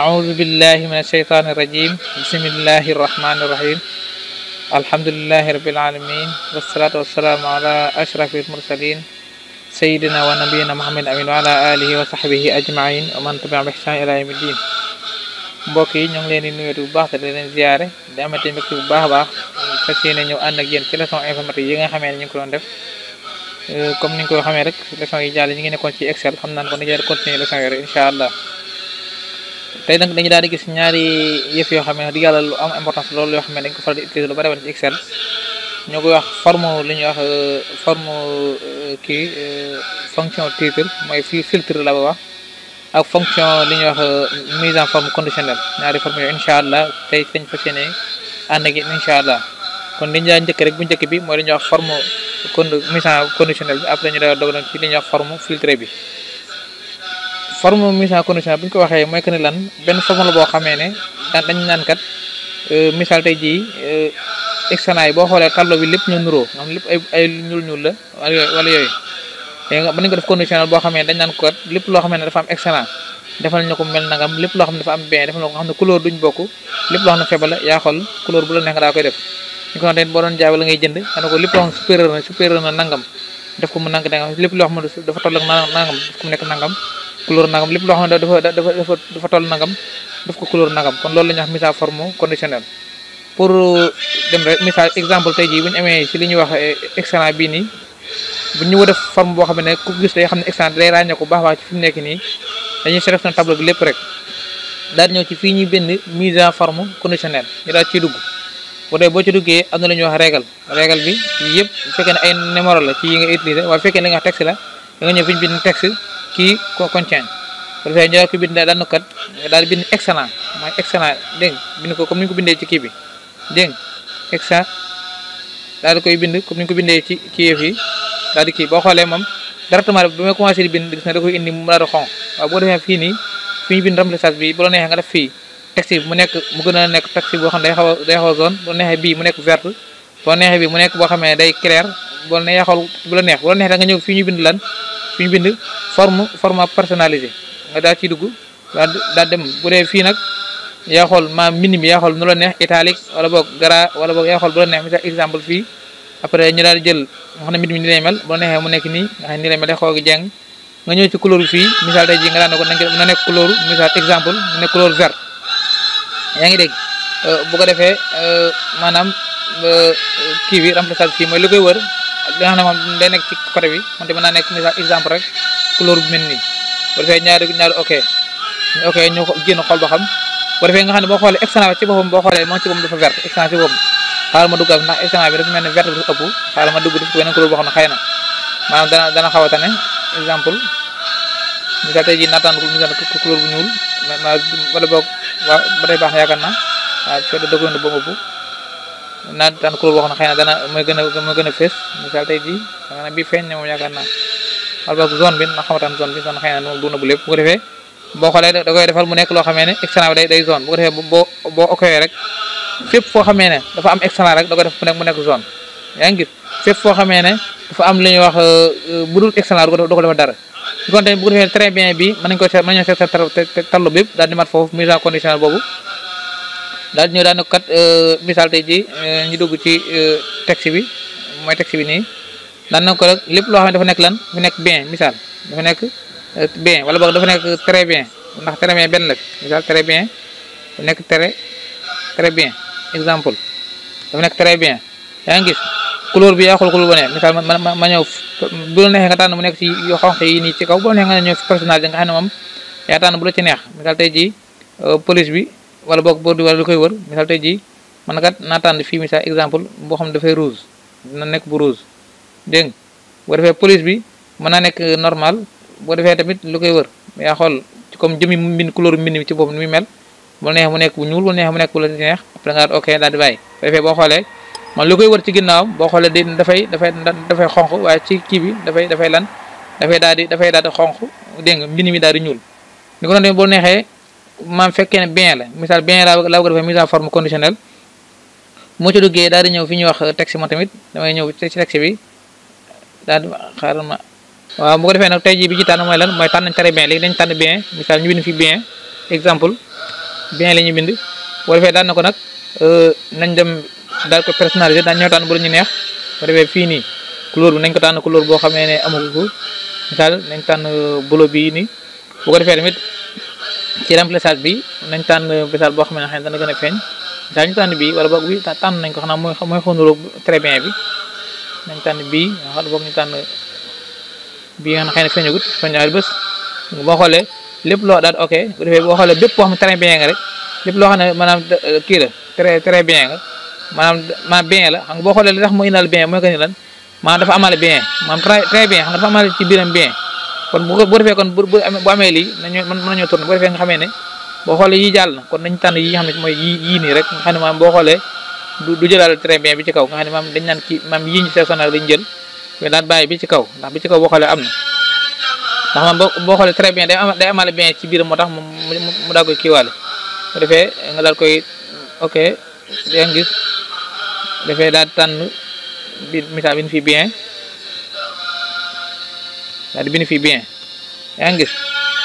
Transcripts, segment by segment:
أعوذ بالله من الشيطان الرجيم بسم الله الرحمن الرحيم الحمد لله رب العالمين والصلاة والسلام على أشرف المرسلين سيدنا ونبينا محمد أمين وعلى آله وصحبه أجمعين ومن تبع بإحسان إلى يوم الدين mbokk yi ñu ngi leen di nuyootu bu baax te di leen ziyaare di amati mbégte bu baax a baax fas yéene ñëw ànd ak yéen ci leçon informatique yi nga xamee ne ñu ngi ko doon def euh, comme ni ñu ko xamee rek leçon yi jàll ñu ngi nekkoon ci Excel xam naan ko ni jël continuer leçon yore incha allah tey nag dañu daal di gis ñaari yëf yoo xam ne di yàlla lu am importance loolu yoo xam ne dañ ko faral di ñoo koy wax forme li ñuy wax euh, forme euh, kii euh, fonction titre mooy fi filtre la ba wax ak fonction li ñuy wax mise en forme conditionnelle ñaari forme yooyu incha allah tey dañ fas yéene ànd ak yéen incha allah kon li ñu daan njëkk rek bu njëkk bi mooy li ñuy wax forme con mise en conditionnelle bi après ñu daal dogaloon ci li ñuy wax forme filtré bi formule mise en condition bi ñu ko waxee mooy que ne lan benn formule boo xamee ne daan dañ naan kat euh, misaal tey ji excellent euh, yi boo xoolee tableau bi lép ñu nuroo nga xam lépp ay ay ñuul ñuul la wala yooyu léegi nga mën nañ ko def conditionnel boo naan ko kat loo xam ne dafa am excellent defal ñu ko mel nangam lépp loo xam ne dafa am bien defal ñu xam ne couleur duñ bokk lépp loo xam ne faible la yaa xool couleur bu la neex daa koy def ñu ko wax tamit boo doon jaay wala ngay jënd xam ne ko lépp loo xam ne na supérieur na nangam def ko loo xam ne dafa toll ak nangam couleur nangam lépp loo xam ne dafa dafa dafa dafa toll nangam daf ko couleur nangam kon loolu la ñuy wax message forme conditionnel pour euh, dem rek message exemple tey jii bu ñu amee ci li ñuy wax eh, excellent bii nii bu ñu def forme boo xam ne ku xam ne excellent day ràññee ko baax baax ci fi nii dañuy sélectionné tableau bi lépp rek daal ñëw ci fii ñuy bind mise en forme conditionnel ñu daal ciy dugg bu dee boo ci duggee am na lu ñuy wax régal régal bi yëpp bu fekkee ne ay numéro la ci yi nga utiliser waaye bu fekkee ne nga texte la da nga ñëw fi ñu bind texte kii ko contient pour que ñu ko bind daal kat nga daal bind excellent mooy excellent dégg bind ko comme ni ko bindee ci kii bi dégg excellent daal di koy bind comme ni bindee ci kii yi daal di kii boo xoolee moom directement bi may commencé di bind gis na da koy indi mu daal di fii nii ñu bind remplissage bi bu la neexee nga def fii texte bi mu nekk mu gën a nekk texte boo xam ne day xaw a day xaw a zone bu neexee bii mu nekk verte boo neexee bi mu nekk boo xamee day clair boo neexee xool bu la neex bu la da nga ñëw fii ñu bind lan fii ñu bind forme format personnalisé nga daal ciy dugg daal daal dem bu dee fii nag yaa xool maam mini bi yaa xool nu la neex italique wala boog gara wala boog yaa xool bu la neex misal exemple fii après ñu daal jël nga xam ne mini bi ni lay mel bu la neexee mu nekk nii nga xam ne nii lay mel day xoogi jeng nga ñëw ci couleur fii misal tey jii nga daan ne ko na nekk couleur misal exemple mu nekk couleur vert yaa ngi dégg euh, bu ko defee euh, maanaam kii bi remplissage kii mooy li koy wër li nga xam ne moom day nekk ci côté bi moom tamit naa nekk misal exemple rek couleur bu mel nii bu defee ñaari ñaari ok ñu ok ñu génn xool ba xam nga xam ne boo xoolee externat bi ci boo xoolee moom ci boppam dafa vert externat ci boppam xaaral ma dugg af ndax externat bi dafa mel ne vert bi dafa ëpp xaaral ma dugg def beneen couleur boo xam ne xëy na maanaam dana dana xaw a tane exemple misal tey jii naataan misal couleur bu ñuul wala boog waaw ba tey baax na yaakaar naa waaw fekk dëggoon na ba mu naat daan couleur boo xam ne na mooy gën a mooy gën a fees misaal tey jii xam feeñ ne moom yaakaar naa wala zone bi na xamataan zone bi zone xëy na moom du na bu lépp bu ko defee boo xoolee da koy defal mu nekk loo xamee ne extra bi day day zone bu ko defee boo boo rek fépp foo xamee ne dafa am extra rek da koy def mu nekk mu nekk zone yaa ngi gis fépp foo ne dafa am lu ñuy wax euh, bu dul extra du ko defal dara su bi mën nañu koy mën nañoo seet daal di mat foofu mise conditionnel boobu daal ñëw daanaka kat euh, misaal tey ji euh, ñu dugg ci euh, texte bi mooy texte bi nii daan na ko rek lépp loo xam ne dafa nekk lan dafa nekk bien misaal dafa nekk bien wala boog dafa nekk très bien ndax très bien benn la fi misaal très bien dafa nekk très très bien exemple dafa nekk très bien yaa ngi gis couleur bi yaa xool couleur bu ne misaal ma ma ñëw bu la nga tànn mu nekk ci yoo xonq yi nii ci kaw bu la neexee nga ñëw personnage nga xam ne moom yaa tànn bu la ci neex misaal tey ji police bi wala boog boo dugalee lu koy wër misal tey jii man kat naa tànn fii misal exemple boo xam ne dafay rouge dina nekk bu rouge dégg nga boo defee police bi mën naa nekk normal boo defee tamit lu koy wër yaa xool comme jëmi mbind couleur mbind mi ci boobu ni mu neex nekk bu ñuul mu mu nekk bu la neex ok daal di bàyyi bu defee boo xoolee man lu ci ginnaawam boo xoolee day dafay dafay dafay xonq waaye ci kii bi dafay dafay lan dafay daal di dafay daal xonq dégg nga mbind mi daal di ñuul ni ko noonu boo neexee maam fekkee ne bien la misaal bien laa bëgg defee mise en forme conditionnelle moo ci duggee daal di ñëw fi ñuy wax euh, texte moom tamit damay ñëw ci bi daal di xaaral ma waaw bu ko defee nag jii bi ci tànn mooy lan mooy tànn très bien léegi dañ tànn bien misaal ñu bind fi bien exemple bien la ñu bind boo defee daan na ko nag euh, nañ dem daal ko personnaliser daañ ñëw tànn bu la ñu neex bu defee fii nii couleur bi nañ ko tànn couleur boo xamee ne amagu ko misaal nañ tànn euh, bleu nii bu ko defee tamit ci remplissage bi nañ tànn misaal boo xam ne xëy na dana gën a feeñ misaal ñu tànn bii wala boog bi tànn nañ ko xanaa mooy mooy xóonuloo très bien bi nañ tànn bii wala boog ñu tànn bii nga xëy na feeñagut feeñ ñaari boo xoolee lépp loo daal ok bu defee boo xoolee bépp boo xam ne très bien nga rek lépp loo xam ne maanaam euh, kii la très très bien nga maanaam ma bien la xam nga boo xoolee li tax mu indaal bien mooy que ni lan maanaam bien xam nga dafa amale ci biiram bien kon bu bu defee kon bu bu amee lii nañu mën nañoo tourné bu defee nga xamee ne boo xoolee yii jàll na kon nañ tànn yi nga xam ne mooy yii yii nii rek nga xam ne maam boo bi ci kaw nga xam ne maam dañ naan ki maam yii ñu sélectionné jël mais daan bi ci kaw ndax bi ci kaw boo xoolee am na ndax maam boo xoole très bien day day amaale bien ci biir moo tax mu mu daa koy kiiwaale bu defee nga daal koy ok yaa ngi gis defee daal tànn bi misaal bi ñu fi bien daal di bind fii bien yaa ngi gis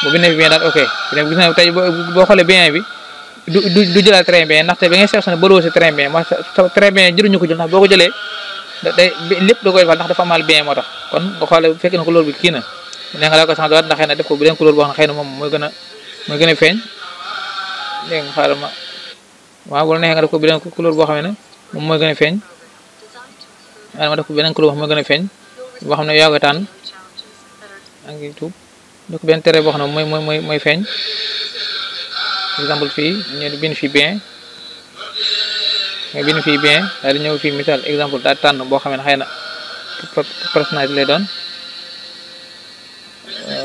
bu bindee fi bien daal ok gis na tey boo xoolee bien bi du du jëlaat très bien ndaxte bi ngay sélectionné bëriwoo si très bien mooy très bien jëruñu ko jël ndax boo ko jëlee day lépp da koy defal ndax dafa amaal bien moo tax kon nga xoolee bu fekkee ne couleur bi kii na nee nga la ko changé waat ndax xëy na def ko beneen couleur boo xam ne xëy na moom mooy gën a mooy gën a feeñ dégg nga xaaral ma waaw bu la neexee nga def ko beneen couleur boo xam ne moom mooy gën a feeñ waaye ma def ko beneen couleur boo xam ne mooy gën a feeñ boo xam ne yaa ko tànn maa ngi tuub donc benn tere boo xam ne mooy mooy mooy feeñ par exemple fii ñu bind fii bien nga bind fii bien daal di ñëw fii misaal exemple daal tànn boo xam ne xëy na personnage lay doon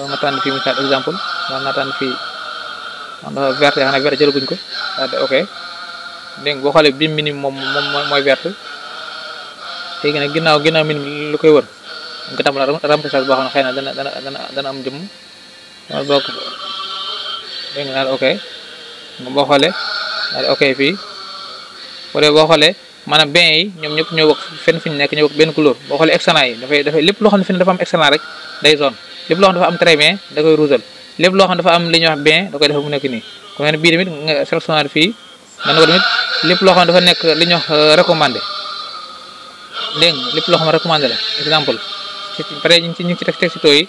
nga euh, tànn fii misaal exemple daal naa tànn fii man dafa verte xanaa verte jëlaguñ ko daal di ok dégg nga boo xoolee bi minimum moom moom mooy verte léegi nag ginnaaw ginnaaw minimum lu koy wër. ñu ko tàmbali remplissage boo xam ne xëy na dana dana dana dana am jëmm wala boog dégg nga daal ok boo xoolee fii boo xoolee maanaam bain yi ñoom ñëpp ñoo bokk fenn fi ñu nekk ñoo benn couleur boo xoolee externat yi dafay dafay lépp loo xam ne fi ne dafa am externat rek day zone lépp loo xam ne da koy ruusal lépp loo dafa am li ñuy wax da koy defee mu nekk nii ku mel ne bii tamit nga fii mën lépp loo xam ne dafa nekk li ñuy wax euh, recommandé dégg nga lépp loo xam ne recommandé la exemple ci pare ñu ci ñu ngi ci teg texto yi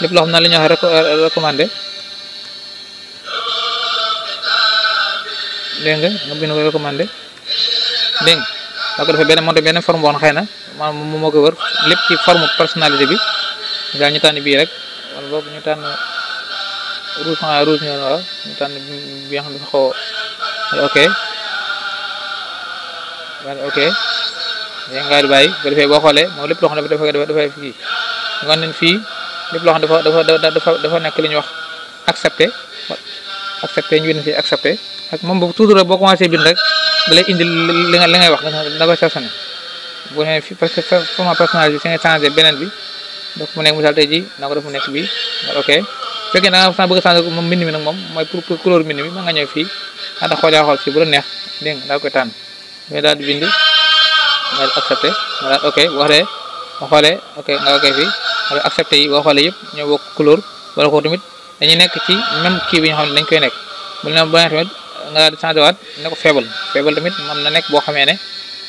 lépp loo xam naa la ñuy wax euh, recommandé nga nga bind ko recommandé dégg nga daa ko defee benn monté benn forme woon xëy na maanaam moom moo koy wër lépp ci forme personnalité bi gaa ñu tànn bii rek wala boobu ñu tànn rouge xanaa ah, rouge ñoon ñu tànn bi nga xam ne dafa xaw ok yaa ngi bàyyi bu defee boo xoolee moom lépp loo xam ne dafa dafa dafa fii nga nañ fii lépp loo dafa nekk li wax accepté accepté ak moom boobu toujours rek boo commencé bind rek da lay indi li nga li ngay wax nga ko saisonné bu ne fii parce que format personnage bi su ñu beneen bi donc nekk misaal tey jii naa nekk bii ok bu fekkee da nga bëgg a changé moom mbind mi nag moom mooy pour couleur mbind mi ma nga ñëw fii ah da xool yaa bu la neex dégg nga daa koy tànn mais daal di nga accepté nga daal ok boo xoolee nga xoolee ok nga ok fii nga accepté yi boo xoolee yëpp ñoo bokk couleur wala ko tamit dañuy nekk ci même kii bi ñu xam ne dañ koy nekk bu ñu ba tamit nga daal waat ne ko faible faible tamit moom na nekk boo xamee ne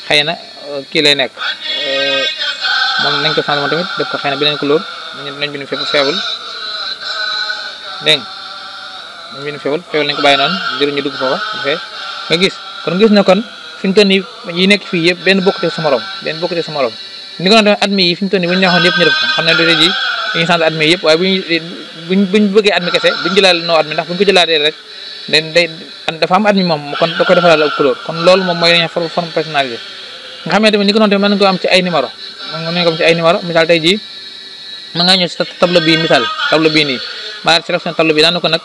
xëy na euh, kii lay nekk euh, moom nañ ko changé moom tamit def ko xëy na beneen couleur nañ bind faible faible dégg nga nañ bind faible faible nañ ko bàyyi noonu dugg foofa nga gis kon gis na fi mu toll nii yi nekk fii yëpp benn bokkute sa morom ko doon at yi fi mu toll nii yëpp ñu bi daana ko nag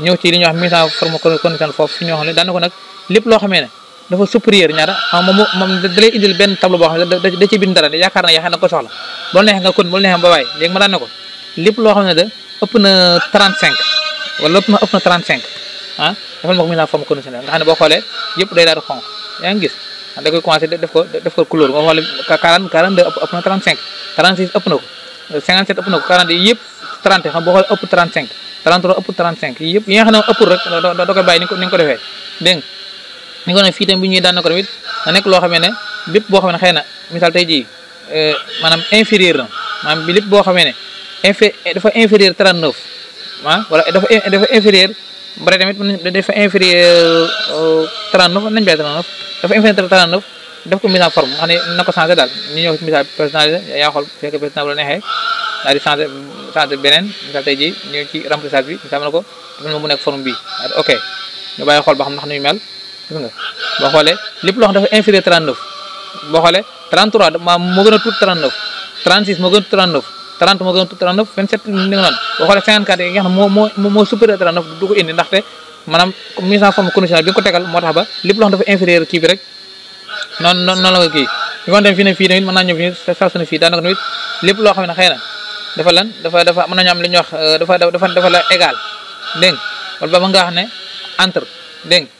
ñëw ci ko nag lépp loo xamee ne dafa supérieur ñaata ah, xam moom moom da lay indil benn tableau boo xam ne da ci bind dara yaakaar na yaakaar na ko soxla boo neexee nga kon boo neexee ba waaye léegi ma daan ko lépp loo xam ne da ëpp na 35 wala ëpp na ëpp na ah, ko mën naa ne boo xoolee yëpp day daal di xonq yaa ngi gis ah, da koy commencé def ko def ko ëpp na 35 36 na ëpp na ko 40 ni ko ne fii tam bi ñuy daan ko tamit na nekk loo xamee ne lépp boo xamee ne xëy na misaal tey jii euh, maanaam inférieur na bi lépp boo xamee ne inf dafa inférieur 39 ah wala dafa dafa inférieur bare tamit dafa inférieur 39 nañ bay 39 dafa inférieur 39 def ko mise en forme na ko changé daal ñu ñëw si misaal personnalisé yaa xool fekk personnel neexee daal beneen misaal tey jii ñëw ci remplissage bi misaal ma ne ko nekk forme bi ok ñu bàyyi xool ba xam nax nuy mel gis nga boo xoolee lépp loo xam dafa inférieur 39 boo xoolee 33 moo gën a tuut 39 36 moo gën a tuut 39 30 moo gën a tuut 39 27 ni nga noonu boo xoolee 54 yi moo moo moo supérieur du ko indi ndaxte maanaam mise en forme conditionnelle ko tegal moo tax ba lépp loo dafa inférieur kii rek noonu la nga kii ñu ko dem fii ne fii tamit mën naa ñëw fii saa su ne fii daanaka xam ne xëy na dafa lan dafa mën nañu am li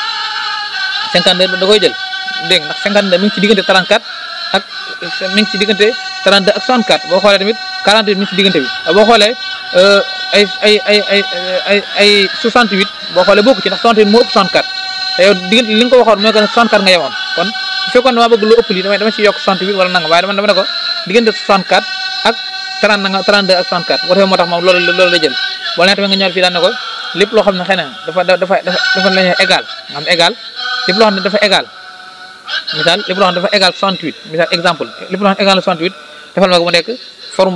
52 da koy jël dégg ndax 52 mi ngi ci diggante 34 ak mi ngi ci diggante 32 ak 64 boo xoolee tamit 48 mi ngi ci diggante bi boo xoolee euh, ay ay ay ay ay ci ndax 68 diggante li nga ko waxoon mooy que 64 nga yemoon kon bu fekkoon sant bëgg wala nangam waaye dama dama ne ko diggante 64 ak 30 32 ak 64 bu ko defee moo tax moom loolu loolu jël wala tamit nga ñëw fii ko lépp loo xam ne xëy na dafa dafa dafa la ñuy égal nga xam dafa égal misaal lépp loo xam ne dafa égal 68 misaal exemple lépp loo xam ne égal 68 defal ma ko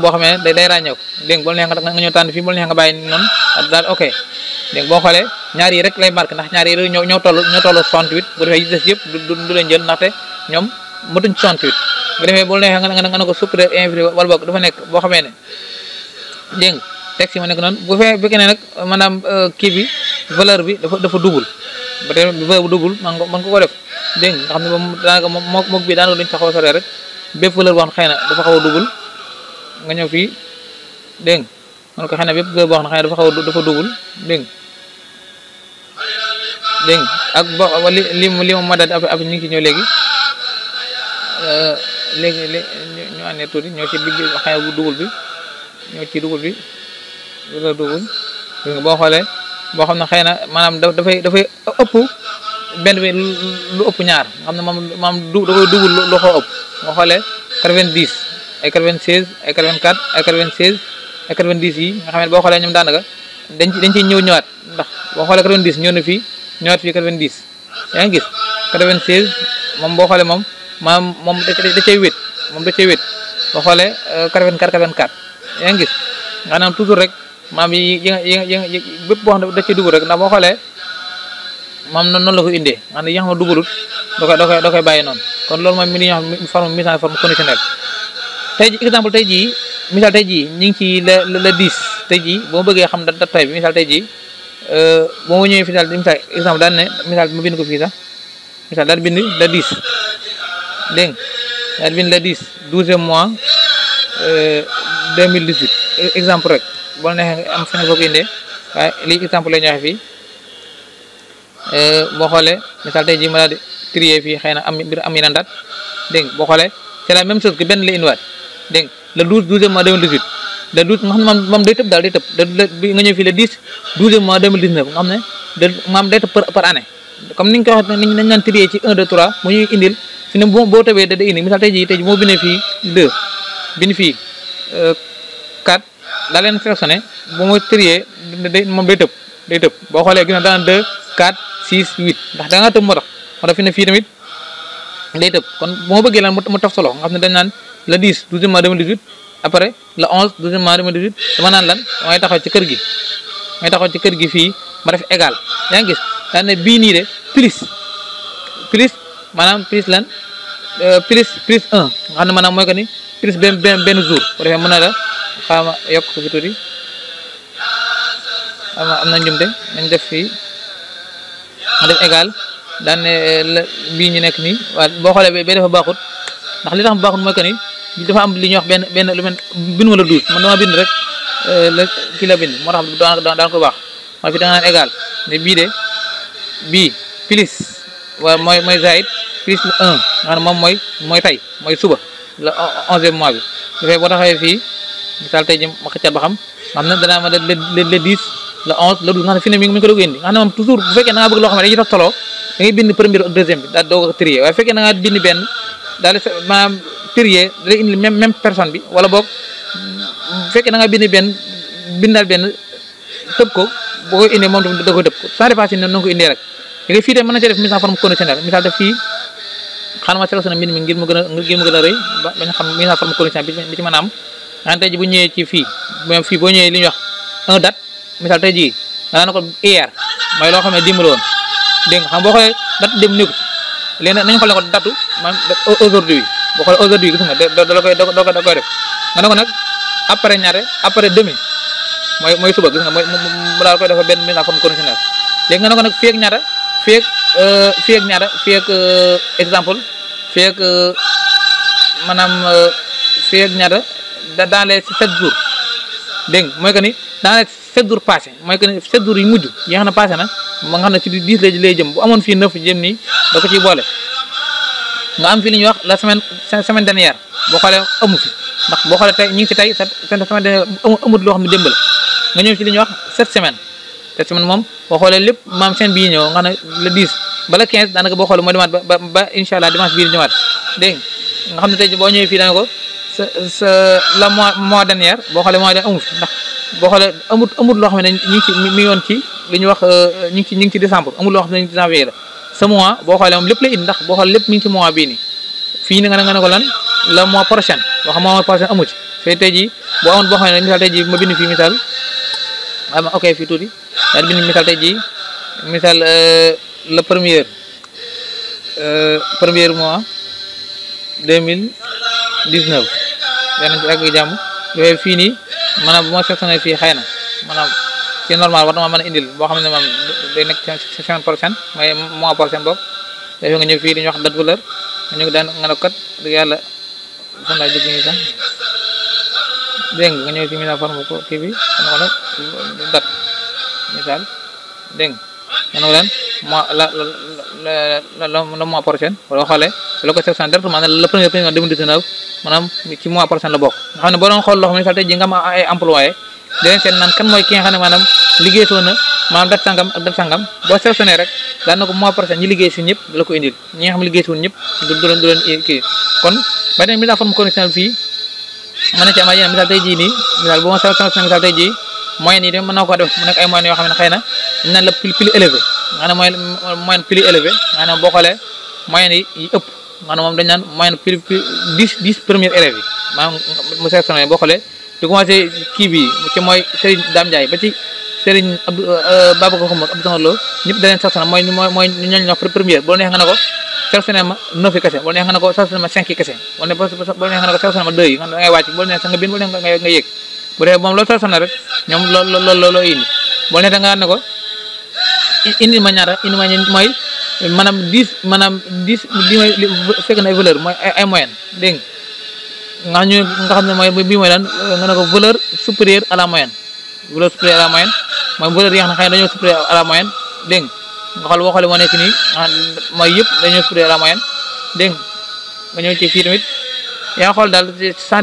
boo xam ne day day ràññeeku dégg nga boo neex nga ñëw tànn fii ñaar yi rek lay marqué ndax ñaar yi ñoo ñoo toll ñoo toll 68 bu defee yi des yëpp du du leen jël ndaxte ñoom mëtuñ 68 bu defee boo neexee nga nga nga ne ko supprimer inférieur dafa nekk boo xamee ne dégg taxes yi ma nekk noonu bu fee bu fekkee ne nag maanaam euh, kii bi valeur bi dafa dafa double ba tey valeur bu double man nga mën nga ko def dégg nga xam ne moom moom moog bii daanaka duñ taxaw a sore rek bépp valeur boo xam xëy na dafa xaw a double nga ñëw fii dégg nga man ko xëy na bépp valeur boo xam xëy na dafa xaw a dafa double dégg nga ak ba li li li ma mën a ab ñu ngi ci ñëw léegi euh, léegi ñu ñu àndee tuuti ci digg xëy na bu bi ñoo ci double bi. rëdduwuñ boo xoolee boo xam ne xëy na maanaam dafay dafay ëpp benn bi lu ëpp ñaar nga xam ne moom maam du da koy dugul lu xaw ëpp boo xoolee quatre-vingt-dix ay quatre-vingt-seize ay quatre-vingt-quatre ay quatre-vingt-seize ay quatre-vingt-dix yi nga xam ne boo xoolee ñoom daanaka dañ ci dañ ciy ñëw ñëwaat ndax boo xoolee quatre-vingt-dix ñëw na fii ñëwaat fii quatre-vingt-dix yaa ngi gis quatre-vingt-seize moom boo xoolee moom maam moom da cay wét moom da cay wét boo xoolee euh, quatre-vingt-quatre quatre-vingt-quatre yaa ngi gis maanaam maam yi yi yi yi bépp boo xam ne da ci rek ndax boo xoolee maam noonu la ko indee maanaam yi nga xam ne dugalut da koy da koy bàyyi noonu kon loolu mooy mi li ñu xam forme misaal forme conditionnelle tey ji exemple jii misaal tey jii ñu ngi ci la la dix tey jii boo bëggee xam date tey bi misaal tey jii euh, boo ma ñëwee misaal misaal exemple daan ne misaal ma bind ko fii sax misaal daal bind la dix dégg nga daal bind la dix douzième mois euh, deux mille dix e, exemple rek boo neexee am feneen boo ko indee waaye lii exemple la ñu waxee fii euh, boo xoolee misaal tey jii ma daal di trier fii na am mbir am yeneen date dégg boo xoolee c'est la même chose que benn la indiwaat dégg le 12 12e mois 2018 le 12 nga xam ne moom day tëb daal day tëb bi nga ñëw fii le 10 12e mois 2019 nga xam ne da day tëb par année comme ni ñu ko waxee ni ñu dañu naan trier ci 1 2 3 moo ñuy indil fi ne boo boo tëbee da day indi misaal tey jii tey jii moo bindee fii 2 bind fii euh, daa leen sélectionné bu mu trier day moom day tëb day boo xoolee gis na daan 2 4 6 8 ndax da nga tëb moo tax moo tax fi ne fii tamit day tëb kon bu ma bëggee lan mu taf solo nga xam ne dañ naan le 10 12 mois 2018 après le 11 12 mois naan lan damay taxaw ci kër gi damay taxaw ci kër gi fii ma def égal yaa ngi gis ne bii nii de plus plus maanaam plus lan euh, plus plus 1 nga xam ne maanaam mooy que ni plus benn benn benn jour bu defee mën a la xaama yokk fi tuuti am am na njumte nañ def fii ma def égal daan ne eh, bii ñu nekk nii waaye boo xoolee bee dafa baaxut ndax li tax baaxut mooy que ni dafa am li ñuy wax benn benn lu mel bind ma la duus man dama bind rek eh, la kii bind moo tax daan daan ko baax ma fi da nga naan égal ne bii de bii plus waaye mooy mooy zaid plus 1 nga moom mooy mooy tey mooy suba la onzième mois bi bu fekkee boo taxawee fii misaal tey xam nga xam danaa ma le le dix le onze le douze nga xam ne fi ne mi ngi ko doog indi nga xam ne moom toujours bu fekkee da bind bi daal doog a trier waaye bu fekkee benn bi wala benn tëb ko boo koy indee moom da koy tëb ko sans dépasser noonu nga ko rek fii tamit mën na cee def mise en forme conditionnelle misaal def fii xanaa ma selosona mbir mi ngir mu gën a rëy ba bañ forme condition fii même fii boo ñëwee li ñuy wax un date misaal mooy loo xam ne démb la woon dégg nga boo xoolee date démb nekku ci léegi nañu xoolee ko datu maanaam aujourd'hui boo xoolee aujourd'hui gis nga da koy da koy da koy def nga ne ko nag après ñaare après demain mooy mooy suba gis nga mooy mu daal koy dafa benn ko nag fii ak ñaata fii ak euh, fii ak ñaata fii euh, exemple feek euh, maanaam euh, feek ñaata da dans les sept jours dégg mooy que ni dans les sept mooy que ni sept yu mujj yi nga xam ne passé na ma nga xam ne ci dix la lay jëm bu amoon fii neuf jëm da ko ciy boole nga am fi li wax la semaine semaine dernière boo xoolee amu fi boo xoolee tey ñu si ci tey semaine dernière amut loo xam ne démb la nga ñëw ci li ñuy wax sept semaines sept semaines moom boo xoolee lépp maam seen bii ñëw nga xam ne le dix bala 15 daanaka boo xool moo demaat ba ba incha allah dimanche bii di ñëwaat xam ne tey boo ñëwee fii daanaka sa la mois dernier boo xoolee mois dernier amul fi ndax boo xoolee amut amut loo ñu wax euh, ñu ngi ci ñu loo xam ne ci sa mois boo xoolee moom lépp la indi ndax boo xoolee lépp mi ngi ci mois bii nii fii ni nga ne nga ne ko lan la mois prochain boo xam mois prochain amu ci fee tey boo amoon boo xam ne misaal tey jii ma bind fii misaal ma ok fii tuuti daal bind misaal tey jii misaal euh, le premier euh, premier mois deux mille dix neuf danañ ci àgg jàmm fii nii maanaam bu ma sectionné fii xëy na maanaam ci normal war ma mën indil boo xam ne maam day nekk semaine prochaine mooy mois prochain boobu nga ñëw fii dañuy wax date valeur ñu ngi daan nga ne kat yàlla fan laa nii sax dégg nga ñëw ci mise en forme ko kii bi xam nga date misaal dégg man leen mois la la la la mois prochain boo xoolee location centre maanaam le doon xool loo xam ne ji nga am ay employé naan kan mooy ki nga xam ne maanaam liggéey soo na dat sangam boo sélectionné rek daan na mois prochain ñi liggéey suñ ñëpp la ko indil ñi xam liggéey suñ ñëpp du du leen du leen kii kon ba tey mise en forme conditionnelle fii mën na ci am ay yeneen misaal tey jii nii misaal bu ma sélectionné misaal tey jii moyenne yi de mën na koo def mu nekk ay moyenne yoo xam ne xëy na ñu naan la plus plus élevé maanaam moyenne moyenne plus élevé maanaam boo xoolee moyenne yi yi ëpp maanaam moom dañu naan moyenne plus plus dix dix premiers élèves yi mu sélectionné boo xoolee di commencé kii bi ci mooy Serigne Dame Ndiaye ba ci Serigne Abdou euh, Babacar Xamar Abdou Samad Lo ñëpp da leen sélectionné mooy mooy ñooñu ñoo première boo neexee ne ko sélectionné ma neuf kese boo neexee nga ne ko ko sélectionné ma deux yi nga da ngay wàcc boo neexee nga bind boo neexee nga yëg bu dee moom loo soxla na rek ñoom lool lool indi boo nee da ngaa ne ko indi ma ñaata indi ma mooy maanaam dix maanaam dix bi mooy fekk na valeur mooy ay moyenne dégg nga ñu nga xam ne mooy bii mooy lan nga ne ko valeur supérieure la moyenne valeur supérieure à mooy valeur yi nga xam ne dañoo supérieure à la moyenne dégg moo nekk nii mooy yëpp dañoo supérieure à la moyenne dégg nga ñëw ci fii tamit yaa xool daal sans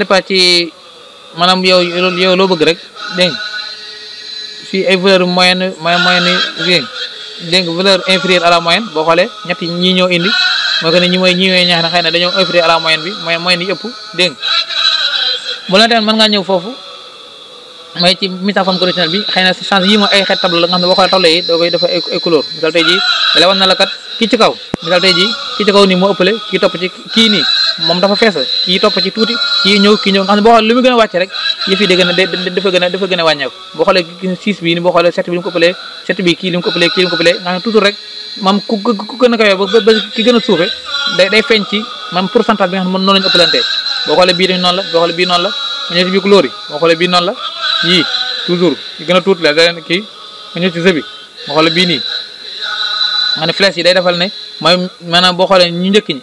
maanaam yow yow loo bëgg rek dégg fii ay valeur moyenne moyenne dégg dégg valeur inférieure à la moyenne boo xoolee ñett ñi ñoo indi mooy que ne ñi mooy ñi ñooy ñaax na dañoo inférieur a la moyenne bi mooy moyenne yi ëpp dégg bu la tamit mën ngaa ñëw foofu mooy ci misaal forme conditionnelle bi xëy na change yi mooy ay xeet nga xam ne boo xoolee tableau yi da koy dafa ay couleur misaal tey jii da lay wan na la kat ci kaw misaal tey jii kii ci kaw nii moo ëppale kii topp ci kii nii moom dafa fees kii topp ci tuuti kii ñëw kii ñëw nga xam ne boo xoolee lu mu gën a wàcce rek yëf yi da gën a dafa gën a dafa gën a wàññeeku boo xoolee six bii ni boo xoolee sept bi li mu ko ëppalee sept bi kii li mu ko ëppalee kii li mu ko ëppalee nga xam ne toujours rek maam ku ku gën a kawee ba ba ki gën a suufe day day feeñ ci maam pourcentage bi nga xam ne noonu lañu ëppalantee boo xoolee bii tamit noonu la boo xoolee bii noonu la nga ñëw ci bii couleur yi boo xoolee bii noonu la yii toujours yi gën a tuuti la da kii nga ñëw ci jeu bi boo xoolee bii nii nga ne flèche yi day defal ne mooy maanaam boo xoolee ñu njëkk ñi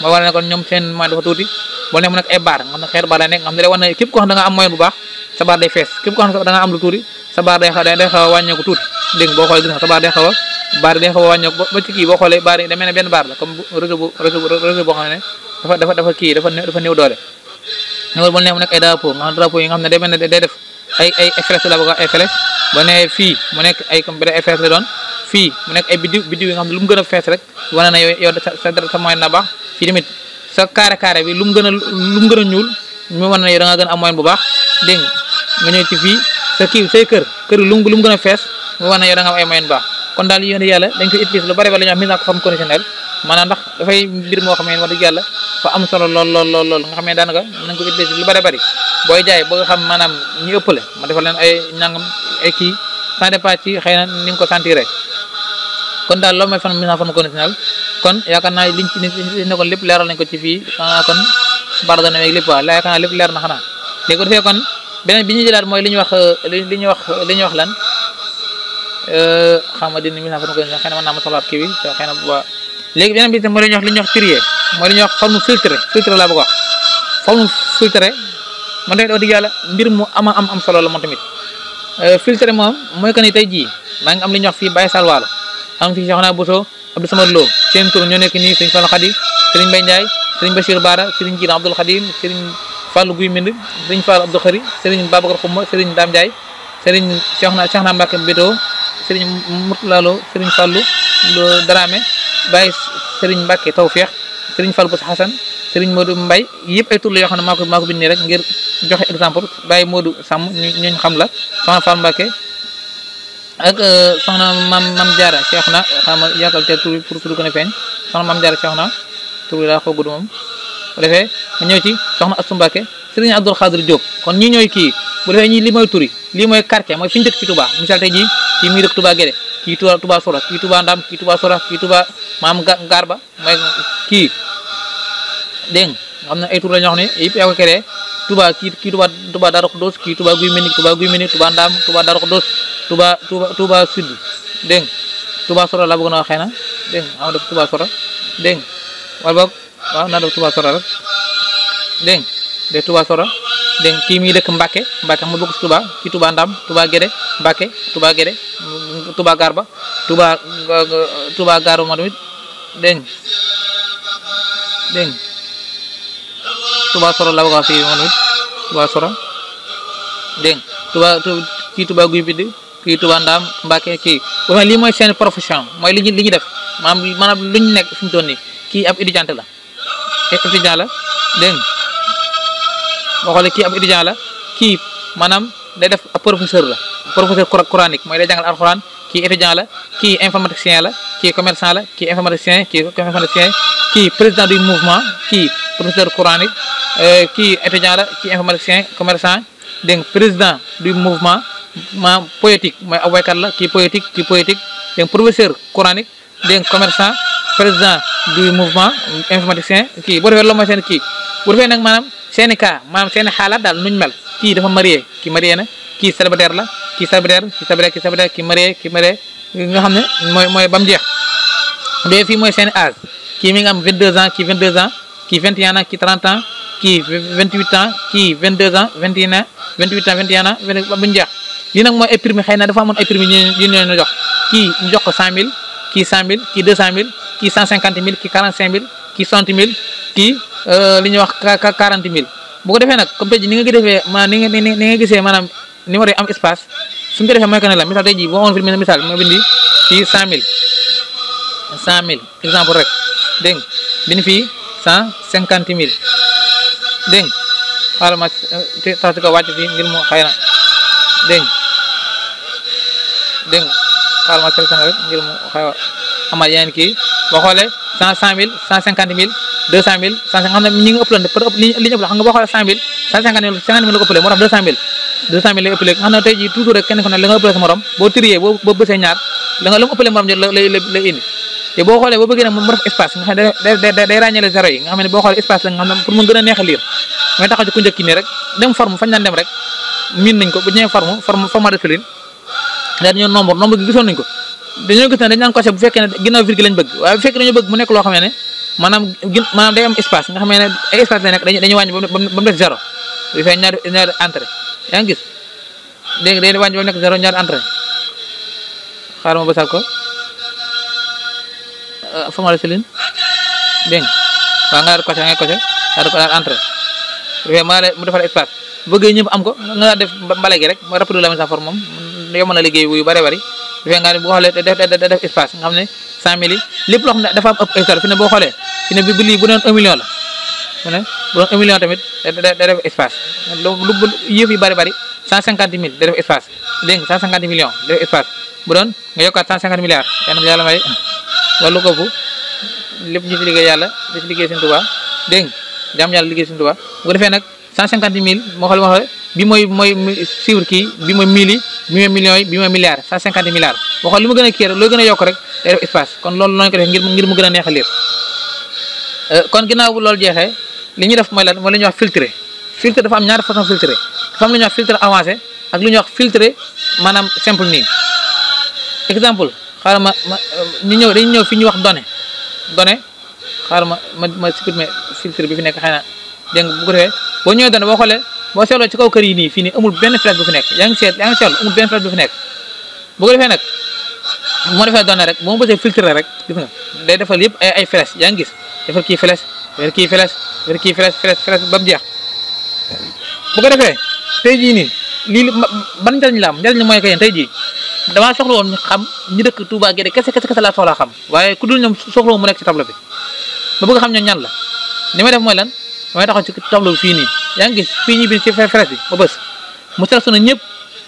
mooy war ne kon ñoom seen moyen dafa tuuti boo nee mu nekk ay baar nga xam ne xeetu baar da nga am moyen bu baax sa baar day fees képp koo xam ne ba kii bu réseau xam ne dafa kii dafa dafa doole loolu boo nee mu nekk ay drapeau nga xam drapeau yi nga xam ne ne day def ay ay la bëgg ay flèche ba ne fii mu nekk ay comme ay yi nga ne lu gën a fees rek wane na yow sa sa na baax ci tamit sa carré carré bi lu gën a gën a ñuul mu wan ne yow da nga gën a moyen bu baax dégg nga ñëw ci fii sa kii say kër kër lu lu gën a fees mu wan ne yow a nga am ay moyen bu baax kon daal yéen yàlla dañ koy utiliser lu bari ba la ñuy moo xam ne wax dëgg am solo lool lool lool lool nga xam ne daanaka nañ ko utiliser lu bari bari booy jaay ba xam maanaam ñi ëppale ma defal leen ay ñangam ay kii ça dépend ci xëy na ni ko sentir rek kon daal loolu mooy fan mise en forme conditionnelle kon yaakaar naa liñ ci liñ nekkoon lépp leeral nañ ko ci fii xanaa kon bardana meeg lépp waaw la yaakaar naa lépp leer na xanaa léegi ko defee kon beneen bi ñu jëlaat mooy li ñu wax li ñu wax li ñu wax lan xam nga dina mise en forme conditionnelle xëy na mën naa ma soxlaat kii bi xëy na bu baax léegi beneen bi itam mooy li ñuy wax li ñuy wax trier mooy li ñuy wax forme filtré filtré laa bëgg wax forme filtré man tamit wax dëgg yàlla mbir mu ama am am solo la moom tamit euh, filtré moom mooy que ni tey jii maa ngi am li ñuy wax fii Baye Sall Waalo am fi Cheikhouna Bousso Abdou Samad Lo seen tur ñoo nekk nii sëriñ Fall Khadi sëriñ Mbaye Ndiaye sëriñ Bachir Bara sëriñ Jiil Abdoul Khadim sëriñ Fall Guy Mbind sëriñ Fall Abdou Khari sëriñ Babacar Xuma sëriñ Dame Ndiaye sëriñ Cheikhouna Cheikhouna Mbacke Bédoo sëriñ Mourtala Lo sëriñ Fallu Dramé Baye sëriñ Mbacke Tawfeex sëriñ Fall Bousso Hassan sëriñ Modou Mbaye yëpp ay tur la yoo xam ne maa ko maa ko rek ngir joxe exemple Baye Modou Sàmm ñu ñu xam la Soxna ak euh, soxna mam mam jaara cheikh na xam nga yàggal te tur pour tur gën a feeñ soxna mam jaara cheikh na tur gudd moom bu defee nga ci soxna Astu Mbàkke sëriñ Abdul Xaadir Jóob kon ñi ñooy kii bu defee ñii li mooy turi lii mooy quartier mooy fi ñu dëkk ci Touba misaal tey jii kii muy tubaa Touba Guédé kii Touba Touba Sora kii Touba Ndam kii Touba Sora kii Touba maam Garba kii dégg nga xam ne ay tur la Touba kii kii Touba Touba Darou Khoudoss kii Touba Guy Mbind Touba Guy Mbind Touba Ndaam Touba Darou Khoudoss Touba Touba Touba Sud dégg nga Soro laa bëgg na wax xëy na def Touba Soro dégg nga wala waaw naa def Touba Soro rek de Touba Soro dégg nga mi dëkk Mbacke Mbacke xam nga bokk si Touba kii Touba Ndaam Touba Guédé Mbacke Touba Garba Touba Touba Garba moom tamit dégg Touba Soro la bokk fii moom it Touba Soro dégg nga Touba kii Touba Guy Bind kii Touba Ndaam Mbàkke kii waaye lii mooy seen profession mooy li ñu li ñu def maanaam maanaam lu ñu nekk fi mu toll nii kii ab étudiant la étudiant la dégg nga boo xoolee kii ab étudiant la kii maanaam day def ab professeur la professeur coranique mooy day jàngal alxuraan kii étudiant la kii informaticien la kii commerçant la kii informaticien kii informaticien kii président du mouvement kii professeur coranique euh, kii étudiant la kii informaticien commerçant dégg président du mouvement ma poétique mooy la kii poétique kii poétique dégg professeur coranique dégg commerçant président du mouvement informaticien kii boo defee loolu mooy seen kii bu defee nag maanaam seen i cas maanaam seen i xaalaat daal nuñ mel kii dafa marié kii marié na kii célibataire la ki sabreer ki sabreer ki sabreer ki maree ki maree nga xam ne mooy mooy ba jeex dee fii mooy seen âge kii mi nga am 22 ans kii 22 ans kii 21 ans kii 30 ans kii 28 ans kii 22 ans 21 ans 28 ans ans ba jeex lii mooy ay prime na dafa amoon ay prime yu jox kii ñu jox ko 100000 kii 100000 kii 200000 kii 150000 kii 45000 euh, wax 40000 bu ko defee nag comme tey ni nga ko defee ma ni nga ni nga gisee numéro yi am espace suñ ko defee mooy que la misaal tey jii boo amoon filmé na ma bindi fii cent mille cent mille exemple rek dégg bindi fii cent cinquante mille dégg nga ma tax si ko wàcc fii ngir mu xëy na dégg nga ma rek ngir mu xëy amaat yeneen kii boo cent cent mille cent cinquante mille deux cent mille cent xam ne boo xoolee cent mille cent cinquante mille cinquante mille la ko ëppale moo deux cent mille deux cent mille lay ëppale nga xam ne tey jii toujours rek kenn ku ne la nga ëppale boo trier boo boo bësee ñaar la nga la mu ëppale boo xoolee boo bëggee nag mu def espace nga xam ne nga xam ne boo xoolee espace pour mu gën a neex a liir mooy taxaw ci ku njëkk nii rek dem forme fañ daan dem rek miin nañ ko bu dañoo gis ne dañ naan coché bu fekkee ne ginnaaw virgule lañ bëgg waaye bu fekkee dañoo bëgg mu nekk loo xam ne maanaam gin maanaam day am espace nga xam ne ay espace lay nekk dañuy dañuy wàññi ba mu nekk zéro bu fekkee ñaari ñaari entrée yaa ngi gis dégg nga day wàññi ba mu nekk zéro ñaari entrée xaaral ma bësal ko euh, fa ma la silin dégg nga waaw nga daal coché nga coché daal di ko daal entrée bu fekkee maa lay mu defal espace bëgg ñëpp am ko nga daal def mbale gi rek ma rappelé la sa forme moom yomb na liggéey yu bëree bëri su fekkee ne boo xoolee da def da def espace nga xam ne cent mille yi lépp loo xam ne dafa am ëpp hectare fi ne boo xoolee fi ne bi lii bu doon un million la bu doon un million tamit da def espace lu yëf yu bëri bëri cent da def espace bu doon nga yokkaat cent cinquante milliards yàlla yàlla may wàllu ko ëpp lépp ñu liggéey yàlla di liggéey Sëñ Tuubaa dégg nga jaam liggéey Sëñ Tuubaa bu defee nag cent cinquante mille moo xool bi mooy mooy suivre kii bi mooy mille bi ma millions bi ma milliards cent cinquante milliards boo xool mu gën a kii loo gën a yokk rek day def espace kon loolu noonu ngir mu gën a neex euh, kon ginnaaw bu loolu jeexee li ñuy def mooy lan mooy li ñuy wax filtré filtré dafa am ñaari façon filtré dafa am lu ñuy wax filtré avancé ak lu ñuy wax filtré maanaam simple nii exemple xaaral ma ma ñu ñëw dañu ñëw fi ñu wax donné donné xaaral ma ma ma supprimer filtre bi fi nekk xëy dégg nga defee boo ñëwee ne boo xoolee boo seetloo ci kaw kër yi nii fii nii amul benn fenêtre bu fi nekk yaa ngi seet yaa ngi seetlu amul benn fenêtre bu fi nekk bu defee nag moo defee doon rek moo bësee filtre rek day defal yëpp ay ay flèche yaa ngi gis defal kii flèche kii flèche kii flèche flèche flèche ba mu jeex bu ko defee tey jii nii lii ban njëriñ laam am njëriñ mooy que tey jii damaa soxla woon xam ñu dëkk Touba Guédé kese kese kese laa soxlaa xam waaye ku dul ñoom soxla mu nekk ci table bi ba bëgg xam ñoom ñan la li may def mooy lan damay taxaw ci tableau bi fii nii yaa ngi gis fii ñu bind ci fres bi ba bës mu sélectionné ñëpp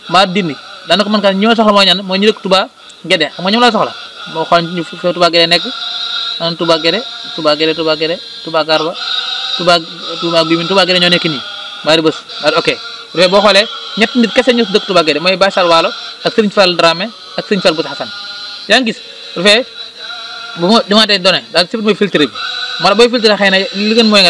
maa dindi daana ko mën kaa ñi ma soxla mooy ñan mooy ñu dëkk Touba Guédé xam nga ñoom laa soxla moo xool ñu fi Touba Guédé nekk an Touba Guédé Touba Guédé Touba Guédé Touba Garba Touba Touba Guimine Touba ñoo nekk nii maa di bës maa di ok boo xoolee ñett nit kese ñu dëkk Touba Guédé mooy Baye Sall Waalo ak Serigne Fall Dramé a Serigne Fall Bouta Hassan yaa ngi gis bu fekkee bu ma mooy filtre bi moo la booy filtre xëy na li gën mooy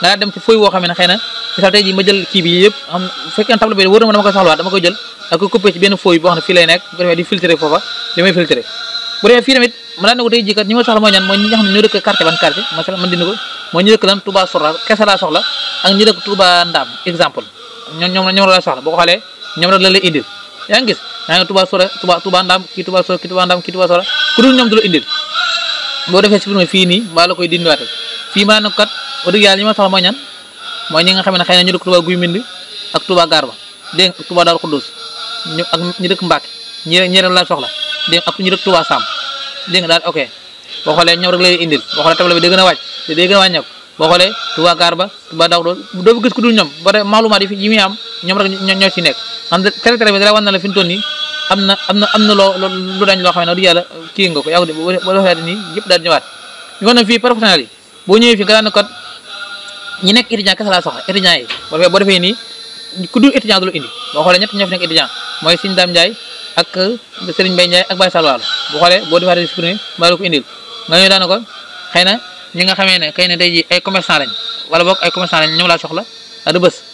dangaa dem ci fooy woo xam ne xëy na misaal tey ji ma na ma dama koy soxlawaat dama koy jël ak ko coupé ci benn fooy boo xam nekk bu defee di filtré foofa daan ne ko tey jii kat soxla mooy ñaan mooy ñi nga xam ne ñoo dëkk quartier ban dindi ko mooy ñu dëkk lan Touba Sora kese laa soxla ak ñu dëkk Touba Ndam exemple ñoom ñoom ñoom la soxla boo ko ñoom rek la indil yaa ngi gis yaa ngi Touba Sora Touba Touba Ndam kii Touba Sora kii Touba Ndam kii Touba Sora ku boo defee si fii nii a la koy dindiwaate fii maa nag kat wax dëgg yàlla ñi ma soxla mooy ñan mooy ñi nga xam ne xëy na ñu dëkk Touba Guy Mbind ak Touba Garba dégg nga ak Touba Daaru Xuddus ñu ak ñu dëkk Mbàkke ñi ñi rek laa soxla dégg ñu dëkk Touba Sam dégg nga daal ok boo xoolee ñoom rek lay indil boo xoolee table bi day gën a wàcc te day gën a wàññeeku boo xoolee Touba Garba Touba Daaru Xuddus doo gis ku dul ñoom ba tey maalumaat yi fi yi ñoom rek ñoo ci nekk xam nga très bi dara wan na la fi mu am na am na am na loo lu dañ loo xam ne wax dëgg kii nga ko yaa ko def ba defee nii yëpp daal di ñëwaat ñu kon nag fii professionnel yi boo ñëwee fii nga daan ne kat ñi nekk étudiant kese laa soxla étudiant yi la indi fi nekk étudiant mooy Sëñ Dame ak euh, Sëriñ Mbaye Ndiaye ak Baye Salwaal boo xoolee boo defaatee discipliné indil nga ñëw daan ne ko xëy na kay ne tey ay commerçant lañ wala boog ay commerçant lañ ñoom laa soxla du bës